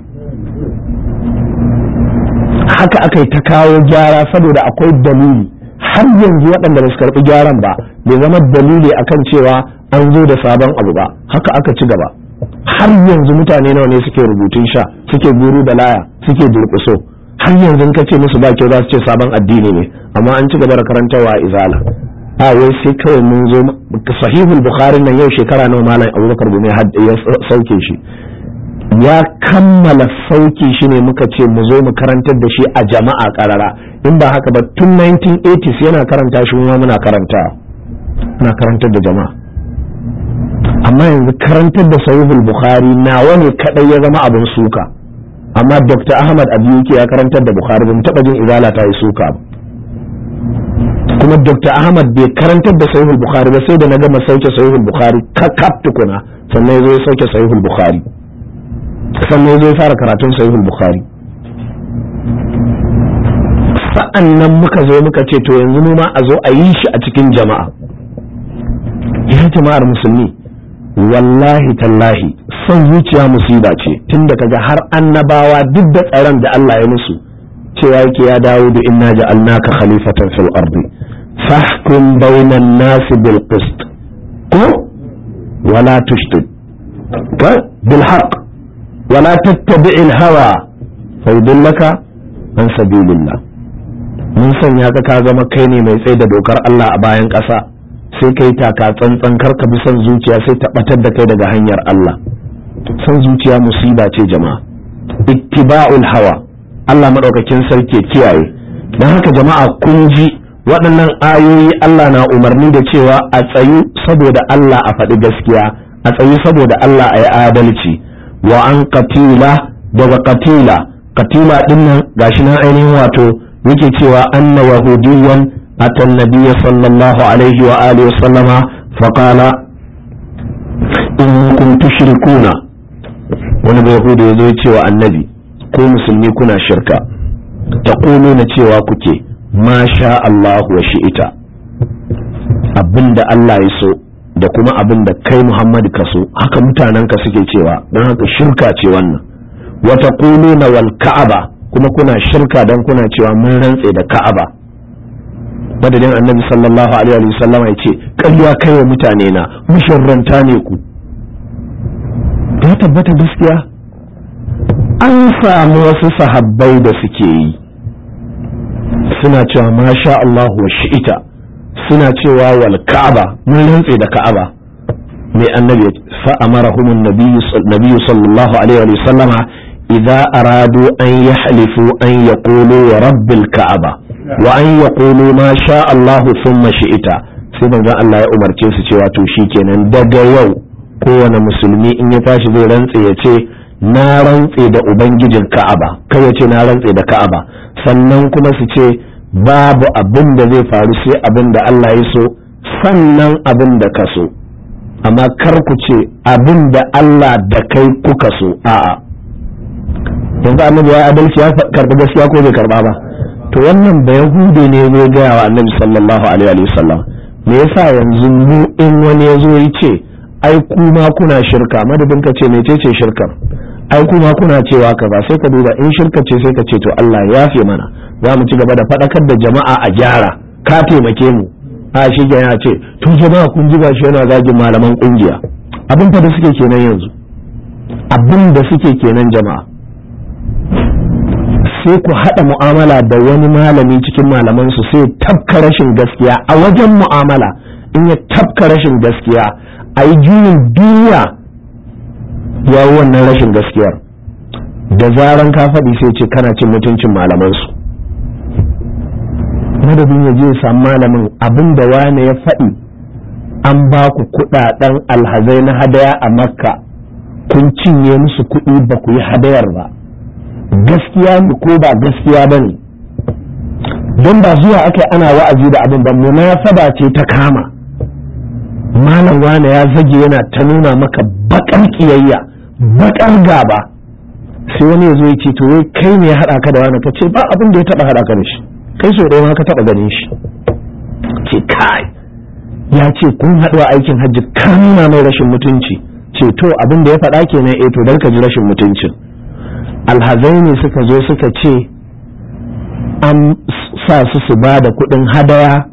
haka aka yi ta kawo gyara saboda akwai dalili har yanzu waɗanda ba su karɓi gyaran ba bai zama dalili akan cewa an zo da sabon abu ba haka aka ci gaba har yanzu mutane nawa ne suke rubutun sha suke guru da laya suke durƙuso har yanzu ka ce musu ba kyau za su ce sabon addini ne amma an ci gaba da wa izala a wai sai kawai mun zo sahihul bukhari nan yau shekara nawa malam abubakar gumi ya sauke shi ya kammala sauki shi ne muka ce mu zo mu karantar da shi a jama'a karara in ba haka ba tun 1980s yana karanta shi kuma muna karanta muna karantar da jama'a amma yanzu karantar da sahihul bukhari nawa ne kadai ya zama abin suka amma dr ahmad abiyuki ya karantar da bukhari taba jin izala ta yi suka kuma dr ahmad bai karantar da sahihul bukhari ba sai da na gama sauke sahihul bukhari kakaf tukuna sannan ya zo ya sauke sahihul bukhari sannan zai fara karatun sahihul bukhari sa'an nan muka zo muka ce to yanzu mu ma a zo a yi shi a cikin jama'a ya jama'ar musulmi wallahi tallahi son zuciya musiba ce tunda da kaga har annabawa duk da tsaron da Allah ya musu cewa yake ya dawo da inna ja'alnaka khalifatan fil ardi fahkum bainan nas bil qist ko wala tushdid bil haqq wala tattabi'il hawa faidillaka an sabilillah mun sanya ka ka zama kai ne mai tsaye da dokar Allah a bayan ƙasa sai kai taka tsantsan kar ka bi son zuciya sai ta batar da kai daga hanyar Allah son zuciya musiba ce jama'a ittiba'ul hawa Allah madaukakin sarki kiyaye dan haka jama'a kun ji waɗannan ayoyi Allah na umarni da cewa a tsayu saboda Allah a faɗi gaskiya a tsayu saboda Allah a yi adalci wa an katila daga katila, katila dinnan gashi na ainihin wato yake cewa anna wahudiyan atan nabiyya sallallahu alaihi wa alihi fa qala in kun tushrikuna wani bai hudu ya zo cewa annabi ko musulmi kuna shirka ta na cewa kuke masha Allah wa shi'ita abinda Allah ya so da kuma abin da kai Muhammadu ka so haka mutanenka suke cewa don haka shirka ce wannan wata na wal ka'aba kuma kuna shirka don kuna cewa mun rantse da ka'aba madadin annabi sallallahu alaihi wa sallama ya ce kai wa mutane na musharranta ne ku ya tabbata gaskiya an samu wasu sahabbai da suke yi suna cewa masha Allah wa shi'ita suna cewa wal ka'aba mun rantse da ka'aba mai annabi fa amarahum an-nabiy sallallahu alaihi wa sallama idza aradu an yahlifu an yaqulu wa rabbil ka'aba wa an yaqulu ma sha Allah thumma shi'ita sai manzon Allah ya umarce su cewa to shikenan daga yau kowane musulmi in ya tashi zai rantse ya ce na rantse da ubangijin ka'aba kai ya ce na rantse da ka'aba sannan kuma su ce babu abin da zai faru sai abin da Allah ya so sannan abin da ka so amma kar ku ce abin da Allah da kai kuka so a'a yanzu annabi ya adalci ya karɓi gaskiya ko bai karɓa ba to wannan da yahude ne zai gaya wa annabi sallallahu alaihi wa sallam me yasa yanzu mu in wani yazo yace ai kuma kuna shirka madadin ka ce mecece shirka? ai kuma kuna cewa ka ba sai ka duba in shirka ce sai ka ce to Allah ya fi mana za mu ci gaba da faɗakar da jama'a a gyara ka taimake mu a shi ya ce to jama'a kun ji shi yana zagin malaman kungiya abin fa da suke kenan yanzu abin da suke kenan jama'a sai ku haɗa mu'amala da wani malami cikin malaman su sai tabka rashin gaskiya a wajen mu'amala in ya tabka rashin gaskiya a yi juyin duniya ya yi wannan rashin gaskiyar da zaran ka faɗi sai ce kana cin mutuncin malamansu madadin ya je samu malamin abin da wane ya faɗi an ba ku kuɗaɗen alhazai na hadaya a makka kun cinye musu kuɗi ba ku yi hadayar ba gaskiya ne ko ba gaskiya ba ne don ba zuwa ake ana wa'azi da abin ba saba ce ta kama malam wane ya zage yana ta nuna maka baƙar ƙiyayya baƙar gaba sai wani ya zo ya ce to wai kai ne ya haɗa ka da wani ka ce ba abin da ya taɓa haɗa ka da shi kai so ɗaya ma ka taɓa ganin shi ce kai ya ce kun haɗuwa aikin hajji kama mai rashin mutunci ce to abin da ya faɗa kenan eh to dan ka ji rashin mutuncin alhazai ne suka zo suka ce an sa su su ba da kuɗin hadaya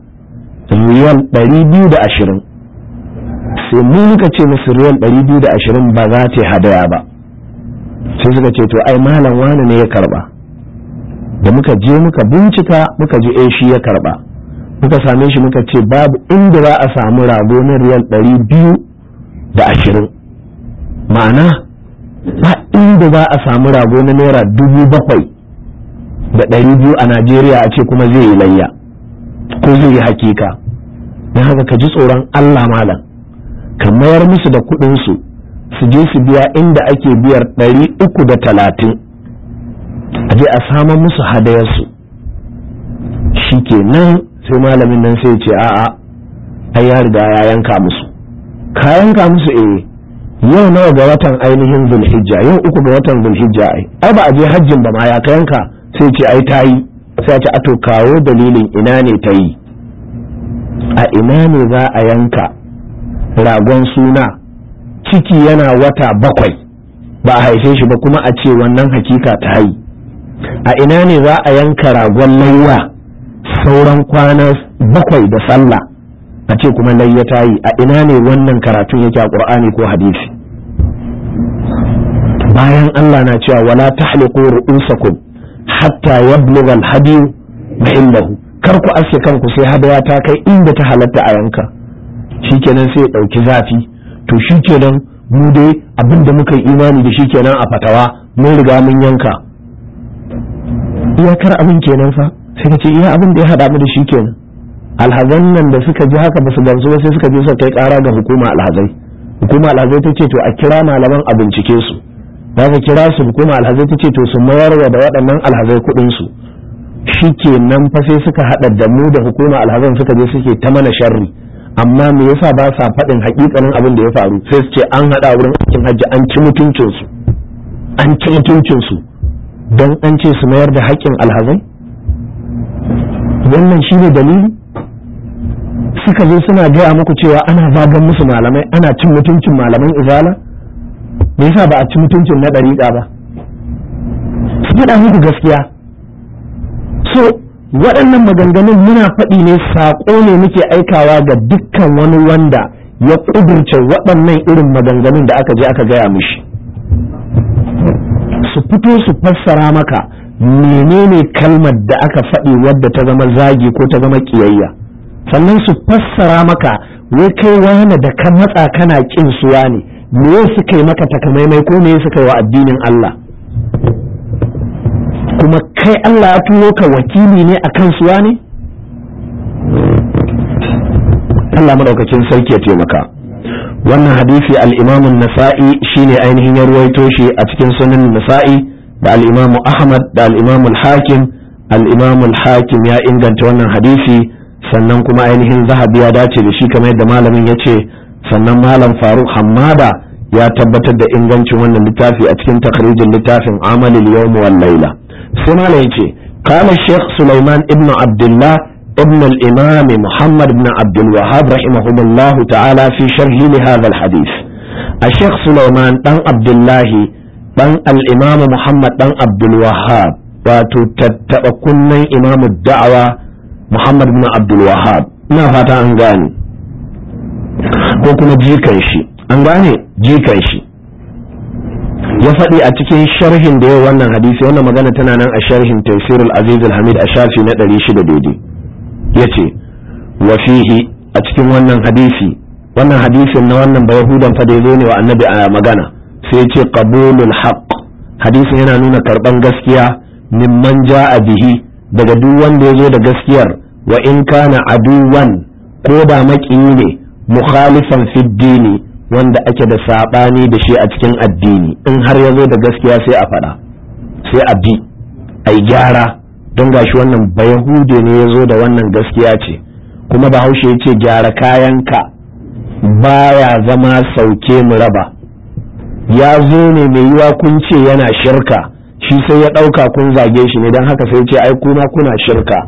miliyan ɗari biyu da ashirin sai mu muka ce musu ruwan 220 ba za ta hadaya ba sai suka ce to ai malam wani ne ya karba da muka je muka bincika muka ji eh shi ya karba muka same shi muka ce babu inda za a samu rago na riyal ɗari biyu da ashirin ma'ana ba inda za a samu rago na naira dubu bakwai da ɗari biyu a najeriya a ce kuma zai yi layya ko zai yi hakika don haka ka ji tsoron allah malam ka mayar musu da kuɗinsu su je su biya inda ake biyar ɗari uku da talatin a je a samar musu hadayarsu shi kenan sai malamin nan sai ce a'a ai ya riga ya yanka musu ka yanka musu eh yau nawa ga watan ainihin zulhijja yau uku ga watan zulhijja ai ai ba a je hajjin ba ma ya ka yanka sai ce ai ta yi sai ce to kawo dalilin ina ne ta yi a ina ne za a yanka ragon suna ciki yana wata bakwai ba a haife shi ba kuma a ce wannan hakika ta yi a ina ne za a yanka ragon laiwa sauran kwana bakwai da sallah a ce kuma layya ta yi a ina ne wannan karatun yake a ƙur'ani ko hadisi bayan Allah na cewa wala ta tahliqu ru'usakum hatta ya bulogal hadi mahillahu kar ku aske kanku sai ya ta kai inda ta halatta a yanka shikenan sai ya ɗauki zafi to shikenan mu dai abin da muka yi imani da shi kenan a fatawa mun riga mun yanka iyakar abin kenan fa sai ka ce iya abin da ya haɗa mu da shi kenan alhazan nan da suka ji haka ba su gamsu ba sai suka je su kai ƙara ga hukuma alhazai hukuma alhazai ta ce to a kira malaman a bincike su za ka kira su hukuma alhazai ta ce to su mayar wa da waɗannan alhazai kuɗin su shi kenan fa sai suka haɗa da mu da hukuma alhazan suka je suke ta mana sharri amma me yasa ba sa faɗin hakikanin abin da ya faru sai su ce an haɗa wurin aikin hajji an ci mutuncinsu an ci mutuncinsu don an ce su mayar da haƙƙin alhazai wannan shi ne dalili suka zo suna gaya muku cewa ana zagan musu malamai ana cin mutuncin malaman izala me yasa ba a ci mutuncin na ɗariƙa ba su faɗa muku gaskiya so waɗannan maganganun muna faɗi ne saƙo ne muke aikawa ga dukkan wani wanda ya ƙudurce waɗannan irin maganganun da aka je aka gaya mishi su fito su fassara maka menene kalmar da aka faɗi wadda ta zama zagi ko ta zama ƙiyayya sannan su fassara maka wai kai wani da ka matsa kana ƙin suwa ne me suka yi maka takamaimai ko me suka yi wa addinin Allah kuma kai Allah ya turo ka wakili ne a suwa ne Allah madaukakin sarki ya taimaka wannan hadisi al nasai shine ainihin ya ruwaito shi a cikin sunan Nasa'i da alimamu Ahmad da al al-Hakim al al-Hakim ya inganta wannan hadisi sannan kuma ainihin Zahabi ya dace da shi kamar yadda malamin ya ce sannan malam Faruk Hammada ya tabbatar da ingancin wannan littafi a cikin takrijin littafin amalil yawm wal laila sai malam yace qala shaykh sulaiman ibn abdullah ابن الإمام محمد بن ta'ala الوهاب sharhi الله تعالى في شرحه لهذا الحديث الشيخ سليمان بن عبد الله بن الإمام محمد بن عبد الوهاب wato tattaba kunnan imam da'awa muhammad bin abdul ina fata an gane ko kuma jikan shi an gane jikan shi ya faɗi a cikin sharhin da yau wannan hadisi wannan magana tana nan a sharhin tafsirul aziz hamid a shafi na 600 shida ya ce wa fihi a cikin wannan hadisi wannan hadisin na wannan ba yahudan fa da ne wa annabi a magana sai ce qabulul haqq hadisin yana nuna karban gaskiya mimman ja'a bihi daga duk wanda ya zo da gaskiyar wa in kana aduwan ko da makini ne mukhalifan fid dini wanda ake da saɓani da shi a cikin addini in har ya zo da gaskiya sai a faɗa sai a bi a yi gyara don gashi wannan bayahude ne ya zo da wannan gaskiya ce kuma bahaushe ya ce gyara kayanka baya zama sauke mu raba ya zo ne mai yiwa kun ce yana shirka shi sai ya ɗauka kun zage shi ne don haka sai ce ai kuma kuna shirka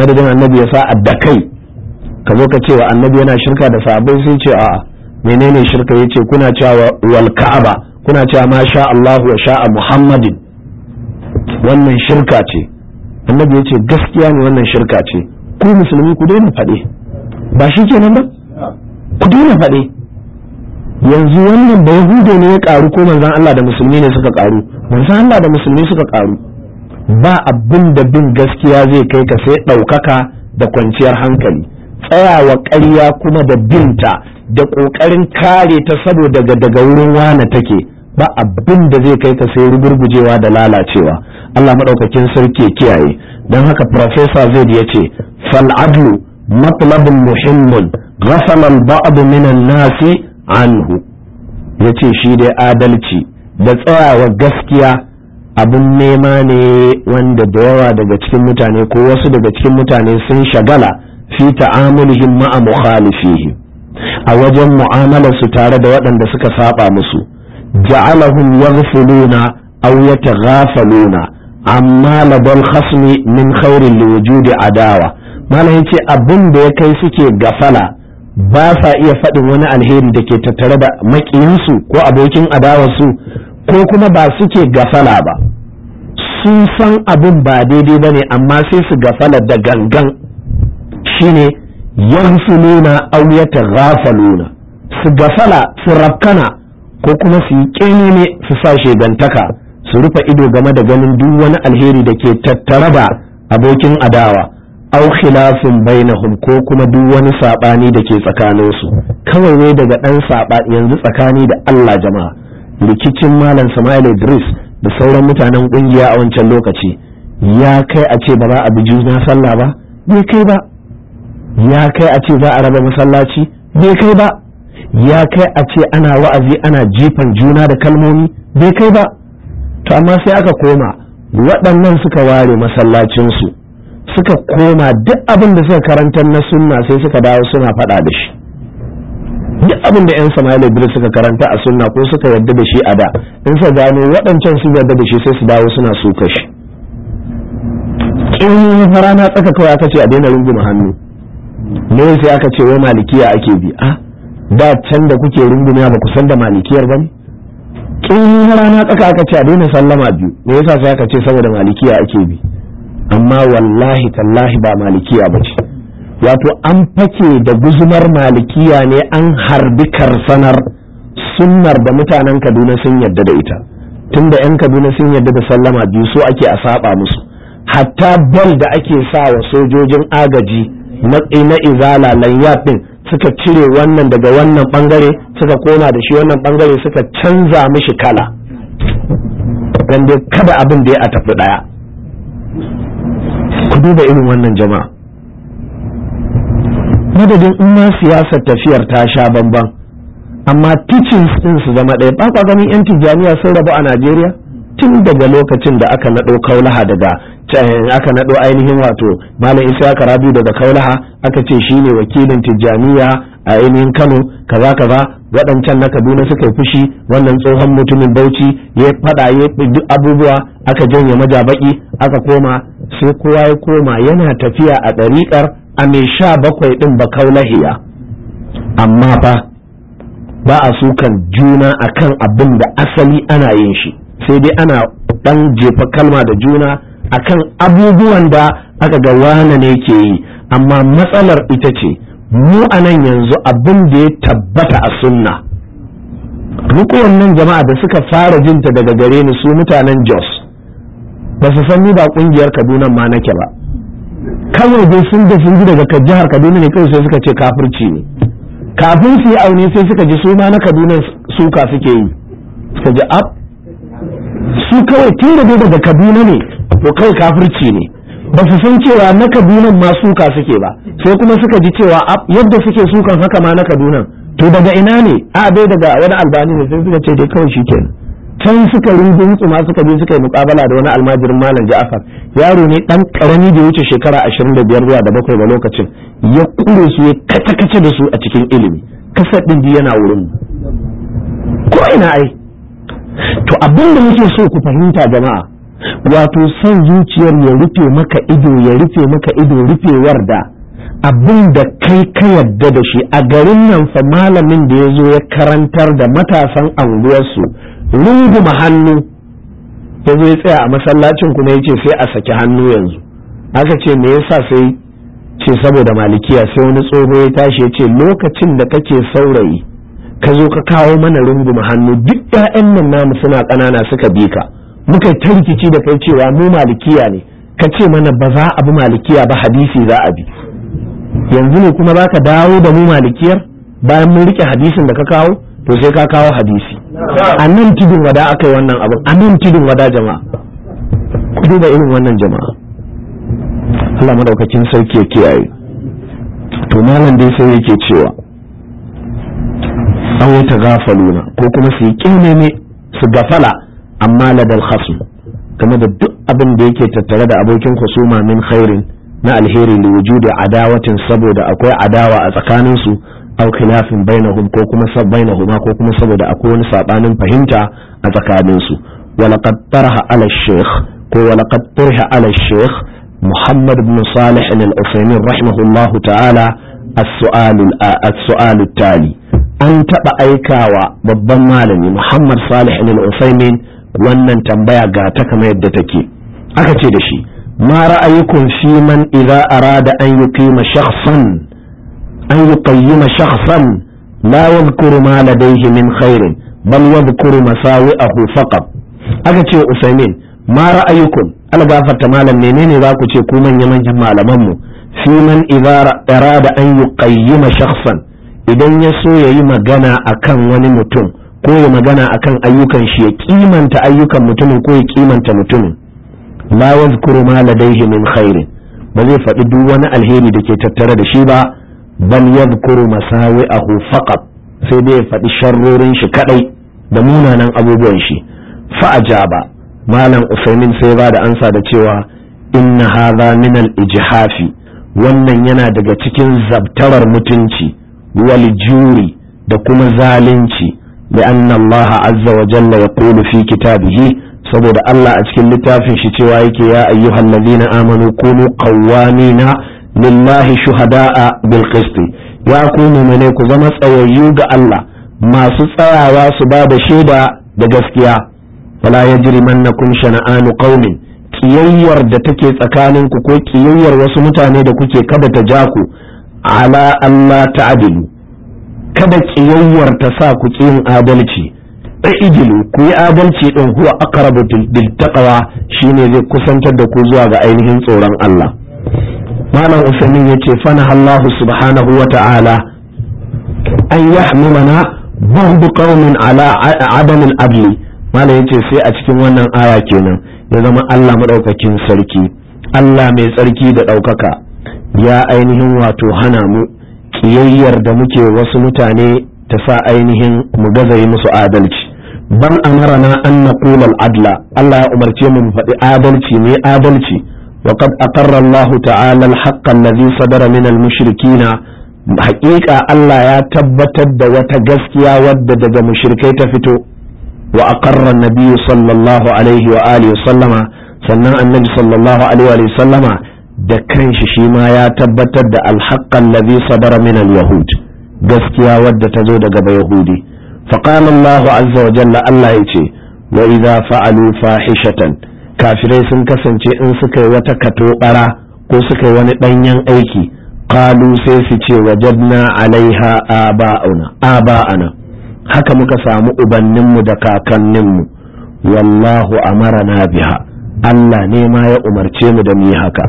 madadin annabi ya sa da kai ka zo ka ce wa annabi yana shirka da sabai sai ce a'a menene shirka yace kuna cewa wal ka'aba kuna cewa ma sha Allahu wa sha'a Muhammadin wannan shirka ce annabi yace gaskiya ne wannan shirka ce ku musulmi ku daina fade ba shi kenan ba ku daina fade yanzu wannan da yahudu ne ya karu ko manzan Allah da musulmi ne suka karu manzan Allah da musulmi suka karu ba abin da bin gaskiya zai kai ka sai ɗaukaka da kwanciyar hankali tsayawa ƙarya kuma da binta da ƙoƙarin kare ta saboda daga wurin wane take ba abin da zai kai ka sai rugurgujewa da lalacewa Allah maɗaukakin sarki kiyaye don haka Profesa Zaid ya ce fal'adlu matlabun muhimmin ghasalan ba'adu minan nasi anhu yace shi dai adalci da tsayawa gaskiya abun nema ne wanda da yawa daga cikin mutane ko wasu daga cikin mutane sun shagala fi ta'amulihim ma'a mukhalifihim a wajen mu'amalar su tare da waɗanda suka saba musu ja'alahum yaghfuluna aw yataghafaluna amma labal khasmi min khairin liwujudi adawa malam yace abin da ya kai suke gafala ba sa iya faɗin wani alheri da ke tattare da maƙiyinsu ko abokin adawarsu ko kuma ba suke gafala ba sun san abin ba daidai ba ne amma sai su gafala da gangan shine yanfuluna aw yataghafaluna su gafala su rakkana ko kuma su yi ne su sa shegantaka su rufe ido game da ganin duk wani alheri da ke tattare abokin adawa aw khilafin bainahum ko kuma duk wani sabani da ke tsakaninsu kawai ne daga dan saba yanzu tsakani da Allah jama'a rikicin malam Sama'il Idris da sauran mutanen kungiya a wancan lokaci ya kai a ce ba za a bi juna sallah ba bai kai ba ya kai a ce za a raba masallaci bai kai ba ya kai a ce ana wa'azi ana jifan juna da kalmomi bai kai ba to amma sai aka koma waɗannan suka ware masallacinsu suka koma duk abin da suka karanta na sunna sai suka dawo suna faɗa da shi duk abin da 'yan sama'ila idris suka karanta a sunna ko suka yarda da shi a da in sa gano waɗancan su yarda da shi sai su dawo suna suka shi in rana tsaka kawai aka ce a daina runguma hannu Ne sai aka ce wai malikiya ake bi a ah, da can da kuke rungumiya ba ku san da malikiyar ba ne kin rana tsaka aka ce a daina sallama biyu me yasa sai aka ce saboda malikiya ake bi amma wallahi tallahi ba malikiya ba ce wato an fake da guzumar malikiya ne an harbi sanar sunnar da mutanen kaduna sun yadda da ita tunda yan kaduna sun yadda da sallama biyu so ake a saba musu hatta bal da ake sa wa sojojin agaji matsayi na izala lanyard din suka cire wannan daga wannan bangare suka kona da shi wannan bangare suka canza mishi kala dan dai kada abin da ya a tafi daya ku duba irin wannan jama'a madadin in ma siyasar tafiyar ta sha bamban amma teachings din su zama ɗaya ba ganin yan tijjaniya sun rabu a Najeriya tun daga lokacin da aka naɗo kaulaha daga eh, aka naɗo ainihin wato malam isa rabiu daga kaulaha aka ce shine wakilin tijjaniya a ainihin kano kaza kaza waɗancan na kaduna suka yi fushi wannan tsohon mutumin bauchi ya faɗa ya duk abubuwa aka janye majabaki aka koma sai kowa ya koma yana tafiya a ɗariƙar a mai sha bakwai ɗin ba kaulahiya amma fa ba a sukan juna akan abin da asali ana yin shi sai dai ana dan jefa kalma da juna akan abubuwan da aka ga wane ne ke yi amma matsalar ita ce mu a nan yanzu abin da ya tabbata a sunna rukuwan nan jama'a da suka fara jinta daga gare ni su mutanen jos ba su san ni ba kungiyar kaduna ma nake ba kawai dai sun da sun ji daga jihar kaduna ne kawai sai suka ce kafirci ne kafin su yi aune sai suka ji su ma na kaduna suka suke yi suka ji su kawai tun da daga kaduna ne to kai kafirci ne ba su san cewa na Kaduna ma suka suke ba sai kuma suka ji cewa yadda suke sukan haka ma na Kaduna to daga ina ne a bai daga wani albani ne sai suka ce dai kawai shikenan can suka rubin ma suka je suka yi mukabala da wani almajirin malam ja'afar yaro ne dan karami da wuce shekara 25 zuwa da bakwai da lokacin ya kure su ya kace kace da su a cikin ilimi kasa din yana wurin ko ina ai to abin da muke so ku fahimta jama'a wato son zuciyar ya rufe maka ido ya rufe maka ido rufewar da abin da kai ka yadda da shi a garin nan fa malamin da ya zo ya karantar da matasan anguwarsu runguma hannu ya zo ya tsaya a masallacin ku ya ce sai a saki hannu yanzu aka ce me yasa sai ce saboda malikiya sai wani tsoho ya tashi ya ce lokacin da kake saurayi ka zo ka kawo mana runguma hannu duk ɗayan nan namu suna ƙanana suka bi ka muka ta rikici da kai cewa mu malikiya ne ka ce mana ba za a bi malikiya ba hadisi za a bi yanzu ne kuma za ka dawo da mu malikiyar bayan mun rike hadisin da ka kawo to sai ka kawo hadisi a nan tudun wada aka yi wannan abin a nan tudun wada jama'a ku duba irin wannan jama'a Allah madaukakin sarki ya kiyaye to malam dai sai yake cewa aw yataghafaluna ko kuma su yi kinneme su gafala amma ladal khasm game da duk abin da yake tattare da abokin kusuma min khairin na alheri li wujudi adawatin saboda akwai adawa a tsakanin su aw khilafin bainahum ko kuma ko kuma saboda akwai wani saɓanin fahimta a tsakanin su walaqad taraha ala shaykh ko walaqad taraha ala muhammad محمد بن صالح العثيمين رحمه الله تعالى as-su'alu tali an taɓa aika wa babban malami muhammad salih ibn usaimin wannan tambaya ga ta kamar yadda take aka ce da shi ma ra'ayukum fi man idza arada an ma shakhsan an yuqayyima shakhsan la yadhkuru ma ladayhi min khairin bal yadhkuru masawi'ahu faqat aka ce usaimin ma ra'ayukum algafarta malam menene za ku ce ku manya manyan malaman mu fi man da an yuqayyima shakhsan idan ya so ya yi magana akan wani mutum ko ya magana akan ayyukan shi ya kimanta ayyukan mutumin ko ya kimanta mutumin la yazkuru ma ladayhi min khairin ba zai faɗi duk wani alheri da ke tattare da shi ba bal yadhkuru masawi'ahu faqat sai dai ya faɗi sharrorin shi kadai da munanan abubuwan shi fa ajaba malam usaimin sai ba da ansa da cewa inna hadha min al ijhafi wannan yana daga cikin zabtarar mutunci wal juri da kuma zalunci li'anna Allah azza wa jalla yaqulu fi kitabihi saboda Allah a cikin littafin shi cewa yake ya ayyuhal ladina amanu kunu qawwamina lillahi shuhada'a bil qist ya ku mu'mine ku zama tsayayyu ga Allah masu tsayawa su ba da shaida da gaskiya fala yajrimannakum shana'anu qaumin kiyayyar da take tsakanin ku ko ƙiyayyar wasu mutane da kuke kada ta ja ku ala Allah ta'dilu kada kiyayyar ta sa ku ƙi yin adalci ijilu ku yi adalci din huwa aqrabu bil taqwa shine zai kusantar da ku zuwa ga ainihin tsoron Allah malam usaimin yace fana Allahu subhanahu wa ta'ala an yahmilana bughd qaumin ala adam al-adli malam yace sai a cikin wannan aya kenan ya zama Allah madaukakin sarki Allah mai tsarki da ɗaukaka ya ainihin wato hana mu ƙiyayyar da muke wasu mutane ta sa ainihin mu gaza yi musu adalci ban amarana an naqula kulal adla Allah ya umarce mu mu faɗi adalci ne adalci wa qad aqarra Allah ta'ala al-haqqa alladhi sadara min al-mushrikina haƙiƙa Allah ya tabbatar da wata gaskiya wadda daga mushrikai ta fito wa aqarra nabi sallallahu alaihi wa alihi sallama sannan annabi sallallahu alaihi wa sallama da kanshi shi ma ya tabbatar da alhaqqan ladhi sadara min al-yahud gaskiya wadda ta zo daga bayahudi faqala Allahu azza wa jalla Allah yace wa idza fa'alu fahishatan kafirai sun kasance in suka yi wata katobara ko suka yi wani danyen aiki qalu sai su ce wajadna alaiha aba'ana nan. haka muka samu ubanninmu da kakanninmu wallahu amarana biha Allah ne ma ya umarce mu da mu haka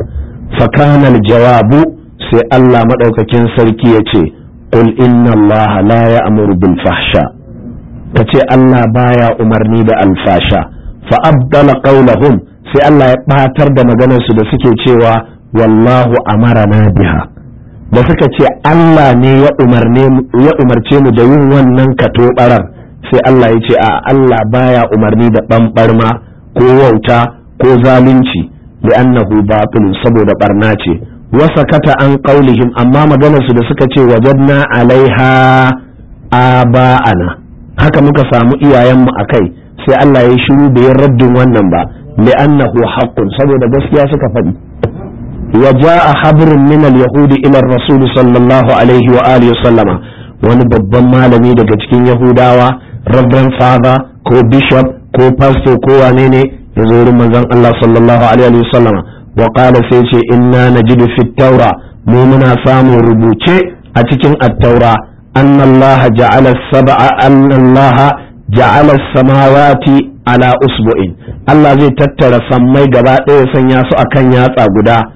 fakanal jawabu sai Allah maɗaukakin sarki ya ce qul inna Allah la ya'muru bil fahsha kace Allah baya umarni da alfasha fa abdala qawlahum sai Allah ya batar da maganarsu da suke cewa wallahu amarana biha da suka ce Allah ne ya umarce mu da yin wannan katobarar sai Allah ya ce a Allah baya umarni da ɓanɓarma ko wauta ko zalunci li'annahu batil saboda barna ce kata an qaulihim amma maganarsu da suka ce wajadna alaiha aba'ana haka muka samu iyayenmu a kai sai Allah ya shiru da yin raddin wannan ba li'annahu haqqun saboda gaskiya suka faɗi وجاء حبر من اليهود إلى الرسول صلى الله عليه وآله وسلم wani babban malami daga cikin yahudawa reverend father ko bishop ko pastor ko wane ne ya zo wurin manzon Allah sallallahu alaihi wa sallama wa qala sai ce inna najidu fit taura mu muna samun rubuce a cikin at-taura annallaha ja'ala sab'a annallaha ja'ala samawati ala usbu'in Allah zai tattara sammai gaba ɗaya sanya su akan yatsa guda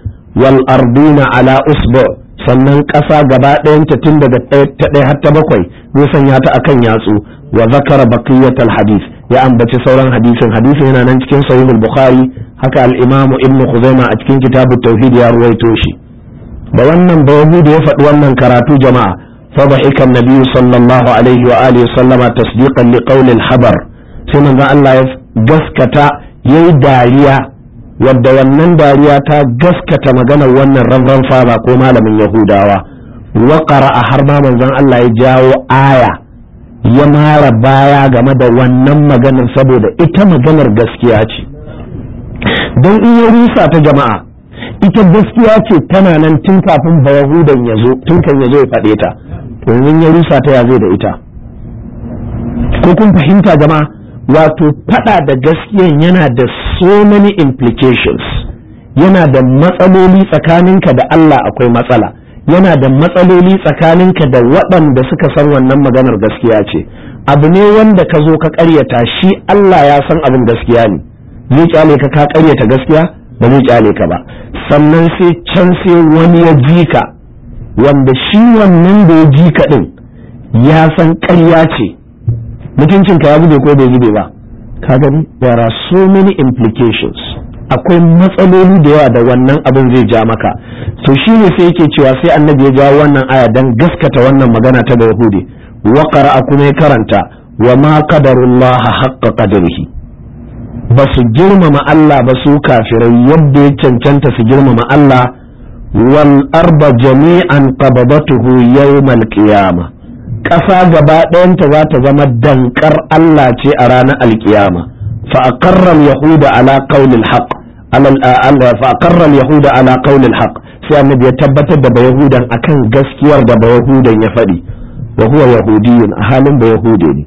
wal ardina ala usbu sannan ƙasa gaba ɗayanta tun daga ta ɗaya har ta bakwai ya sanya ta akan yatsu wa zakara baqiyat al hadith ya ambaci sauran hadisin hadisin yana nan cikin sahih al bukhari haka al imamu ibnu khuzaima a cikin kitabu tauhid ya ruwaito shi da wannan bayahu da ya faɗi wannan karatu jama'a فضحك النبي صلى الله عليه habar sai تصديقا ga allah ya gaskata yayi dariya. wadda wannan dariya ta gaskata maganar wannan ramran faba ko malamin yahudawa wa qara'a har ma manzon Allah ya jawo aya ya mara baya game da wannan maganar saboda ita maganar gaskiya ce don in ya rusa ta jama'a ita gaskiya ce tana nan tun kafin ba yahudan ya zo tun kan ya zo ya faɗe ta to in ya rusa ta ya zai da ita ko kun fahimta jama'a wato fada da gaskiyan yana da so many implications yana da matsaloli tsakaninka da Allah akwai matsala yana da matsaloli tsakaninka da waɗanda suka san wannan maganar gaskiya ce abu ne wanda ka zo ka ƙaryata shi Allah ya san abin gaskiya ne zai kyale ka ka ƙaryata gaskiya ba zai kyale ka ba sannan sai can sai wani ya ji ka wanda shi wannan da ya ji ka din ya san ƙarya ce mutuncinka ya zube ko bai zube ba ka gani there are so many implications akwai matsaloli da yawa da wannan abin zai ja maka to shi ne sai yake cewa sai annabi ya jawo wannan aya dan gaskata wannan magana ta da yahudi wa qara'a kuma ya karanta wa ma qadarullah haqqa qadrihi ba su girmama Allah ba su kafirai yadda ya cancanta su girmama Allah wal arba jami'an qabadatuhu yawmal qiyamah ƙasa gaba ɗayanta za ta zama dankar Allah ce a ranar Alƙiyama fa aqarra yahuda ala qawlil haqq fa aqarra yahuda ala qawlil haqq sai annabi ya tabbatar da bayahudan akan gaskiyar da bayahudan ya faɗi wa huwa yahudiyun a halin bayahude ne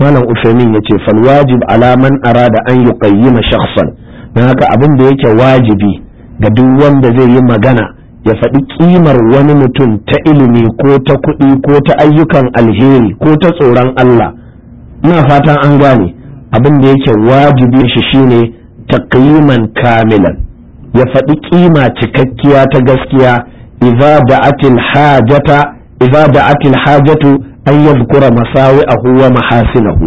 malam usaimin yace fal wajib ala man arada an yuqayyima shakhsan dan haka abin da yake wajibi ga duk wanda zai yi magana ya faɗi kimar wani mutum ta ilimi ko ta kuɗi ko ta ayyukan alheri ko ta tsoron Allah ina fatan an gane abin da yake wajibi shi shine taqyiman kamilan ya faɗi kima cikakkiya ta gaskiya idza da'atil hajata idza da'atil hajatu an yadhkura masawi'ahu wa mahasinahu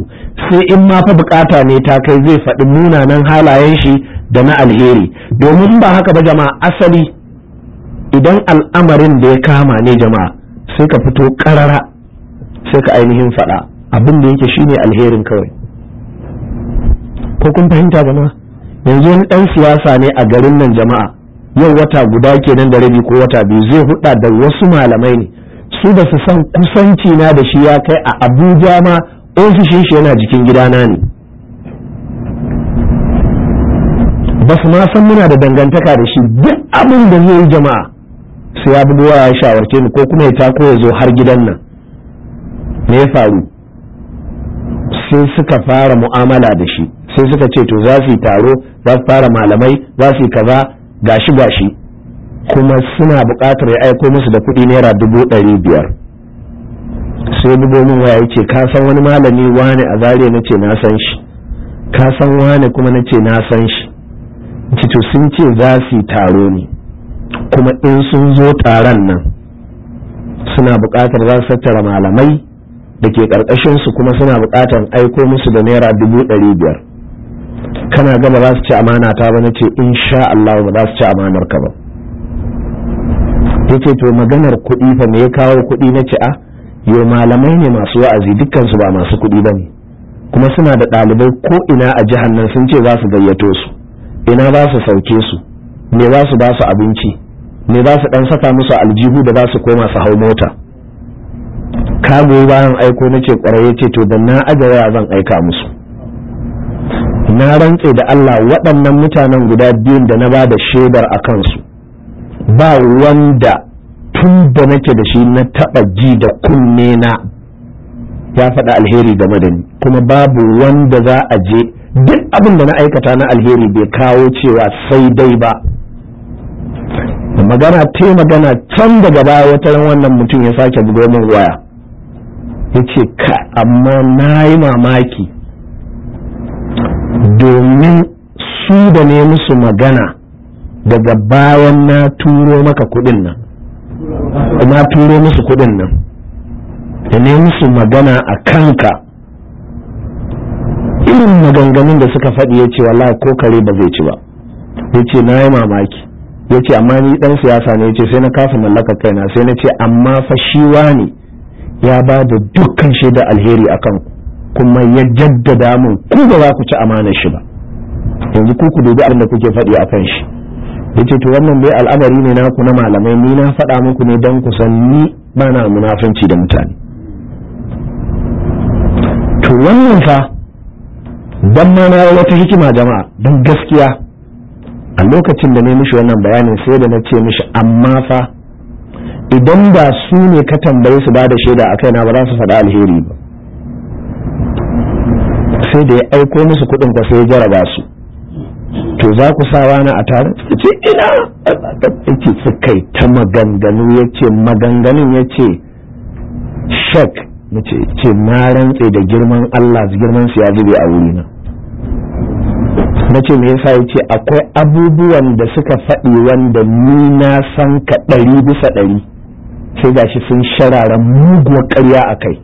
sai in ma fa bukata ne ta kai zai faɗi munanan halayen shi da na alheri domin ba haka ba jama'a asali idan al'amarin da ya kama ne jama'a sai ka fito karara sai ka ainihin faɗa abin da yake shine alherin kawai ko kun fahimta jama'a yanzu wani ɗan siyasa ne a garin nan jama'a yau wata guda kenan da rabi ko wata biyu zai huɗa da wasu malamai ne su ba su san kusanci na da shi ya kai a abuja ma ofishin shi yana jikin gidana ne ba su ma san muna da dangantaka da shi duk abin da zai yi jama'a sai ya bugo ya shawarce ni ko kuma ya tako ya zo har gidan nan me ya faru sai suka fara mu'amala da shi sai suka ce to za su yi taro za su fara malamai za su yi kaza gashi gashi kuma suna buƙatar ya aiko musu da kuɗi naira dubu ɗari biyar sai bugo min waya yace ka san wani malami wane a zare na ce na san shi ka san wane kuma na ce na san shi ce to sun ce za su yi taro ne kuma in sun zo taron nan suna buƙatar za su tattara malamai da ke su kuma suna buƙatar aiko musu da naira dubu ɗari biyar kana gama za su ci amana ta ba na ce sha Allah ba za su ci amanar ka ba yace to maganar kuɗi fa me ya kawo kuɗi na ci a ah, yo malamai ne masu wa'azi dukkansu ba masu kuɗi ba ne kuma suna da ɗalibai ko ina a jihar nan sun ce za su gayyato su ina za su sauke su me za su ba su abinci me za su dan saka musu aljihu da za su koma su hau mota ka goyi bayan aiko na ce kwarai ce to da na ajara zan aika musu na rantse da Allah waɗannan mutanen guda biyun da na bada da shaidar a kansu ba wanda tun da nake da shi na taɓa ji da kunne na ya faɗa alheri game da ni kuma babu wanda za a je duk abin da na aikata na alheri bai kawo cewa sai dai ba magana ta magana can daga baya wata ran wannan mutum ya sake bugo min waya ya ce ka amma na yi mamaki domin su da ne musu magana daga bayan na turo maka kudin nan na turo musu kudin nan da ne musu magana a kanka irin maganganun da suka faɗi ya ce wallahi ko kare ba zai ci ba ya ce na yi mamaki ya ce amma ni dan siyasa ne ya ce sai na kafa mallaka kaina sai na ce amma fa shi wani ya ba da dukkan da alheri a kan kuma ya jaddada mun ku ba za ku ci amanar shi ba yanzu ku ku dubi abin da kuke faɗi akan shi ya ce to wannan dai al'amari ne naku na malamai ni na faɗa muku ne don ku san ni ba na munafanci da mutane to wannan fa dan ma na wata hikima jama'a don gaskiya a lokacin da na mishi wannan bayanin sai da na ce mishi amma fa idan ba su ne ka tambaye su ba da shaida a kaina ba za su faɗa alheri ba sai da ya aiko musu kuɗin ka sai ya jaraba su to za ku sa wani a tare su ce ina yake su kai ta maganganu ya ce maganganun ya ce shak na ce na rantse da girman Allah girman su ya zube a wurina na ce me yasa ya ce akwai abubuwan da suka faɗi wanda ni na san ka ɗari bisa ɗari sai gashi sun sharara muguwar ƙarya a kai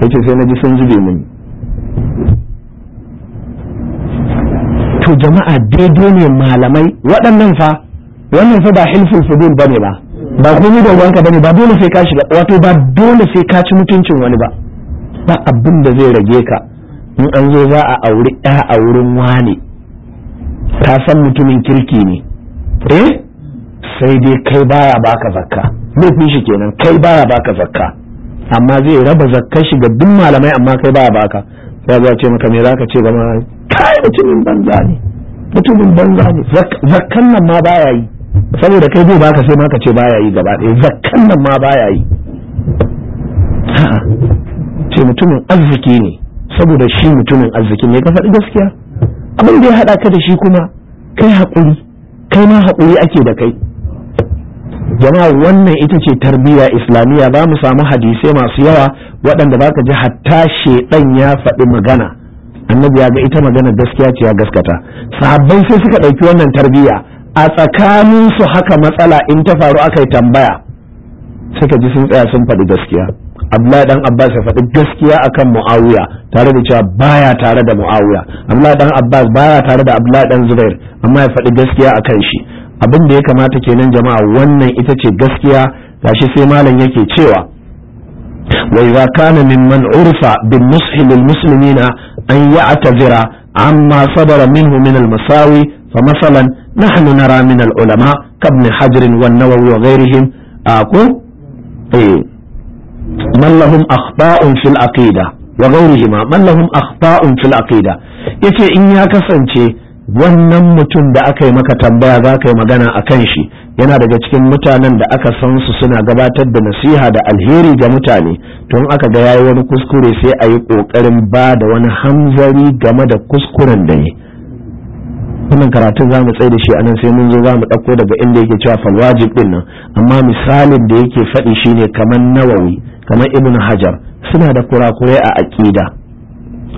ya ce sai na ji sun zube mini to jama'a daidai ne malamai waɗannan fa wannan fa ba hilful fudul bane ba ba komai da wanka bane ba dole sai ka shiga wato ba dole sai ka ci mutuncin wani ba ba abin da zai rage ka in an zo za a auri ɗa a wurin wane ta san mutumin kirki ne eh sai dai kai baya baka zakka laifin shi kenan kai baya baka zakka amma zai raba zakkar shi ga duk malamai amma kai baya baka ba za ce maka me zaka ce gama kai mutumin banza ne mutumin banza ne zakkan nan ma baya yi saboda kai bai baka sai ma ka ce baya yi gaba ɗaya zakkan nan ma baya yi ce mutumin arziki ne saboda shi mutumin arziki ne ka faɗi gaskiya abin da ya haɗa ka da shi kuma kai haƙuri kai ma haƙuri ake da kai jama'a wannan ita ce tarbiyya islamiyya za mu samu hadisai masu yawa waɗanda ba ka ji hatta shaiɗan ya faɗi magana annabi ya ga ita magana gaskiya ce ya gaskata sahabbai sai suka ɗauki wannan tarbiyya a tsakaninsu haka matsala in ta faru aka yi tambaya suka ji sun tsaya sun faɗi gaskiya Abdullahi dan Abbas ya faɗi gaskiya akan Muawiya tare da cewa baya tare da Muawiya Abdullahi dan Abbas baya tare da Abdullahi dan Zubair amma ya faɗi gaskiya akan shi abin da ya kamata kenan jama'a wannan ita ce gaskiya gashi sai malam yake cewa wa idza kana mimman urfa bin nushi lil muslimina an ya'tazira amma sabara minhu min al masawi fa masalan nahnu nara min al ulama kabn hajrin wan nawawi wa ghayrihim ko eh. man lahum akhta'un fil aqida wa ghayrihima man lahum akhta'un fil aqida yace in ya kasance wannan mutum da aka yi maka tambaya za ka yi magana a kan shi yana daga cikin mutanen da aka san su suna gabatar da nasiha da alheri ga mutane tun aka ga yayi wani kuskure sai a yi ƙoƙarin ba da wani hanzari game da kuskuren da ne wannan karatun za mu tsaye da shi a nan sai mun zo za mu ɗauko daga inda yake cewa falwajib ɗin nan amma misalin da yake faɗi shi ne kamar nawawi kamar ibn hajar suna da kurakurai a aƙida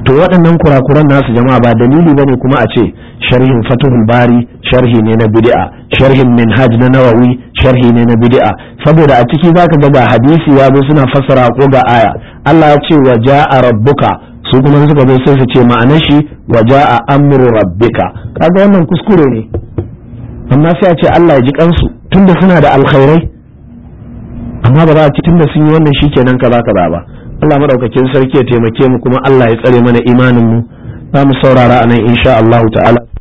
to waɗannan kurakuran nasu jama'a ba dalili bane kuma a ce sharhin fatuhul bari sharhi ne na bid'a sharhin minhaj na nawawi sharhi ne na bid'a saboda a ciki zaka ga ga hadisi ya suna fassara ko ga aya Allah ya ce wa ja'a rabbuka su kuma suka zo sai su ce ma'ana shi waja a amru rabbika kaga wannan kuskure ne amma sai a ce Allah ya ji kansu tunda suna da alkhairai amma ba za a ce tunda sun yi wannan shikenan kaza kaza ba Allah madaukakin sarki ya taimake mu kuma Allah ya tsare mana imanin mu za mu saurara anan insha Allah ta'ala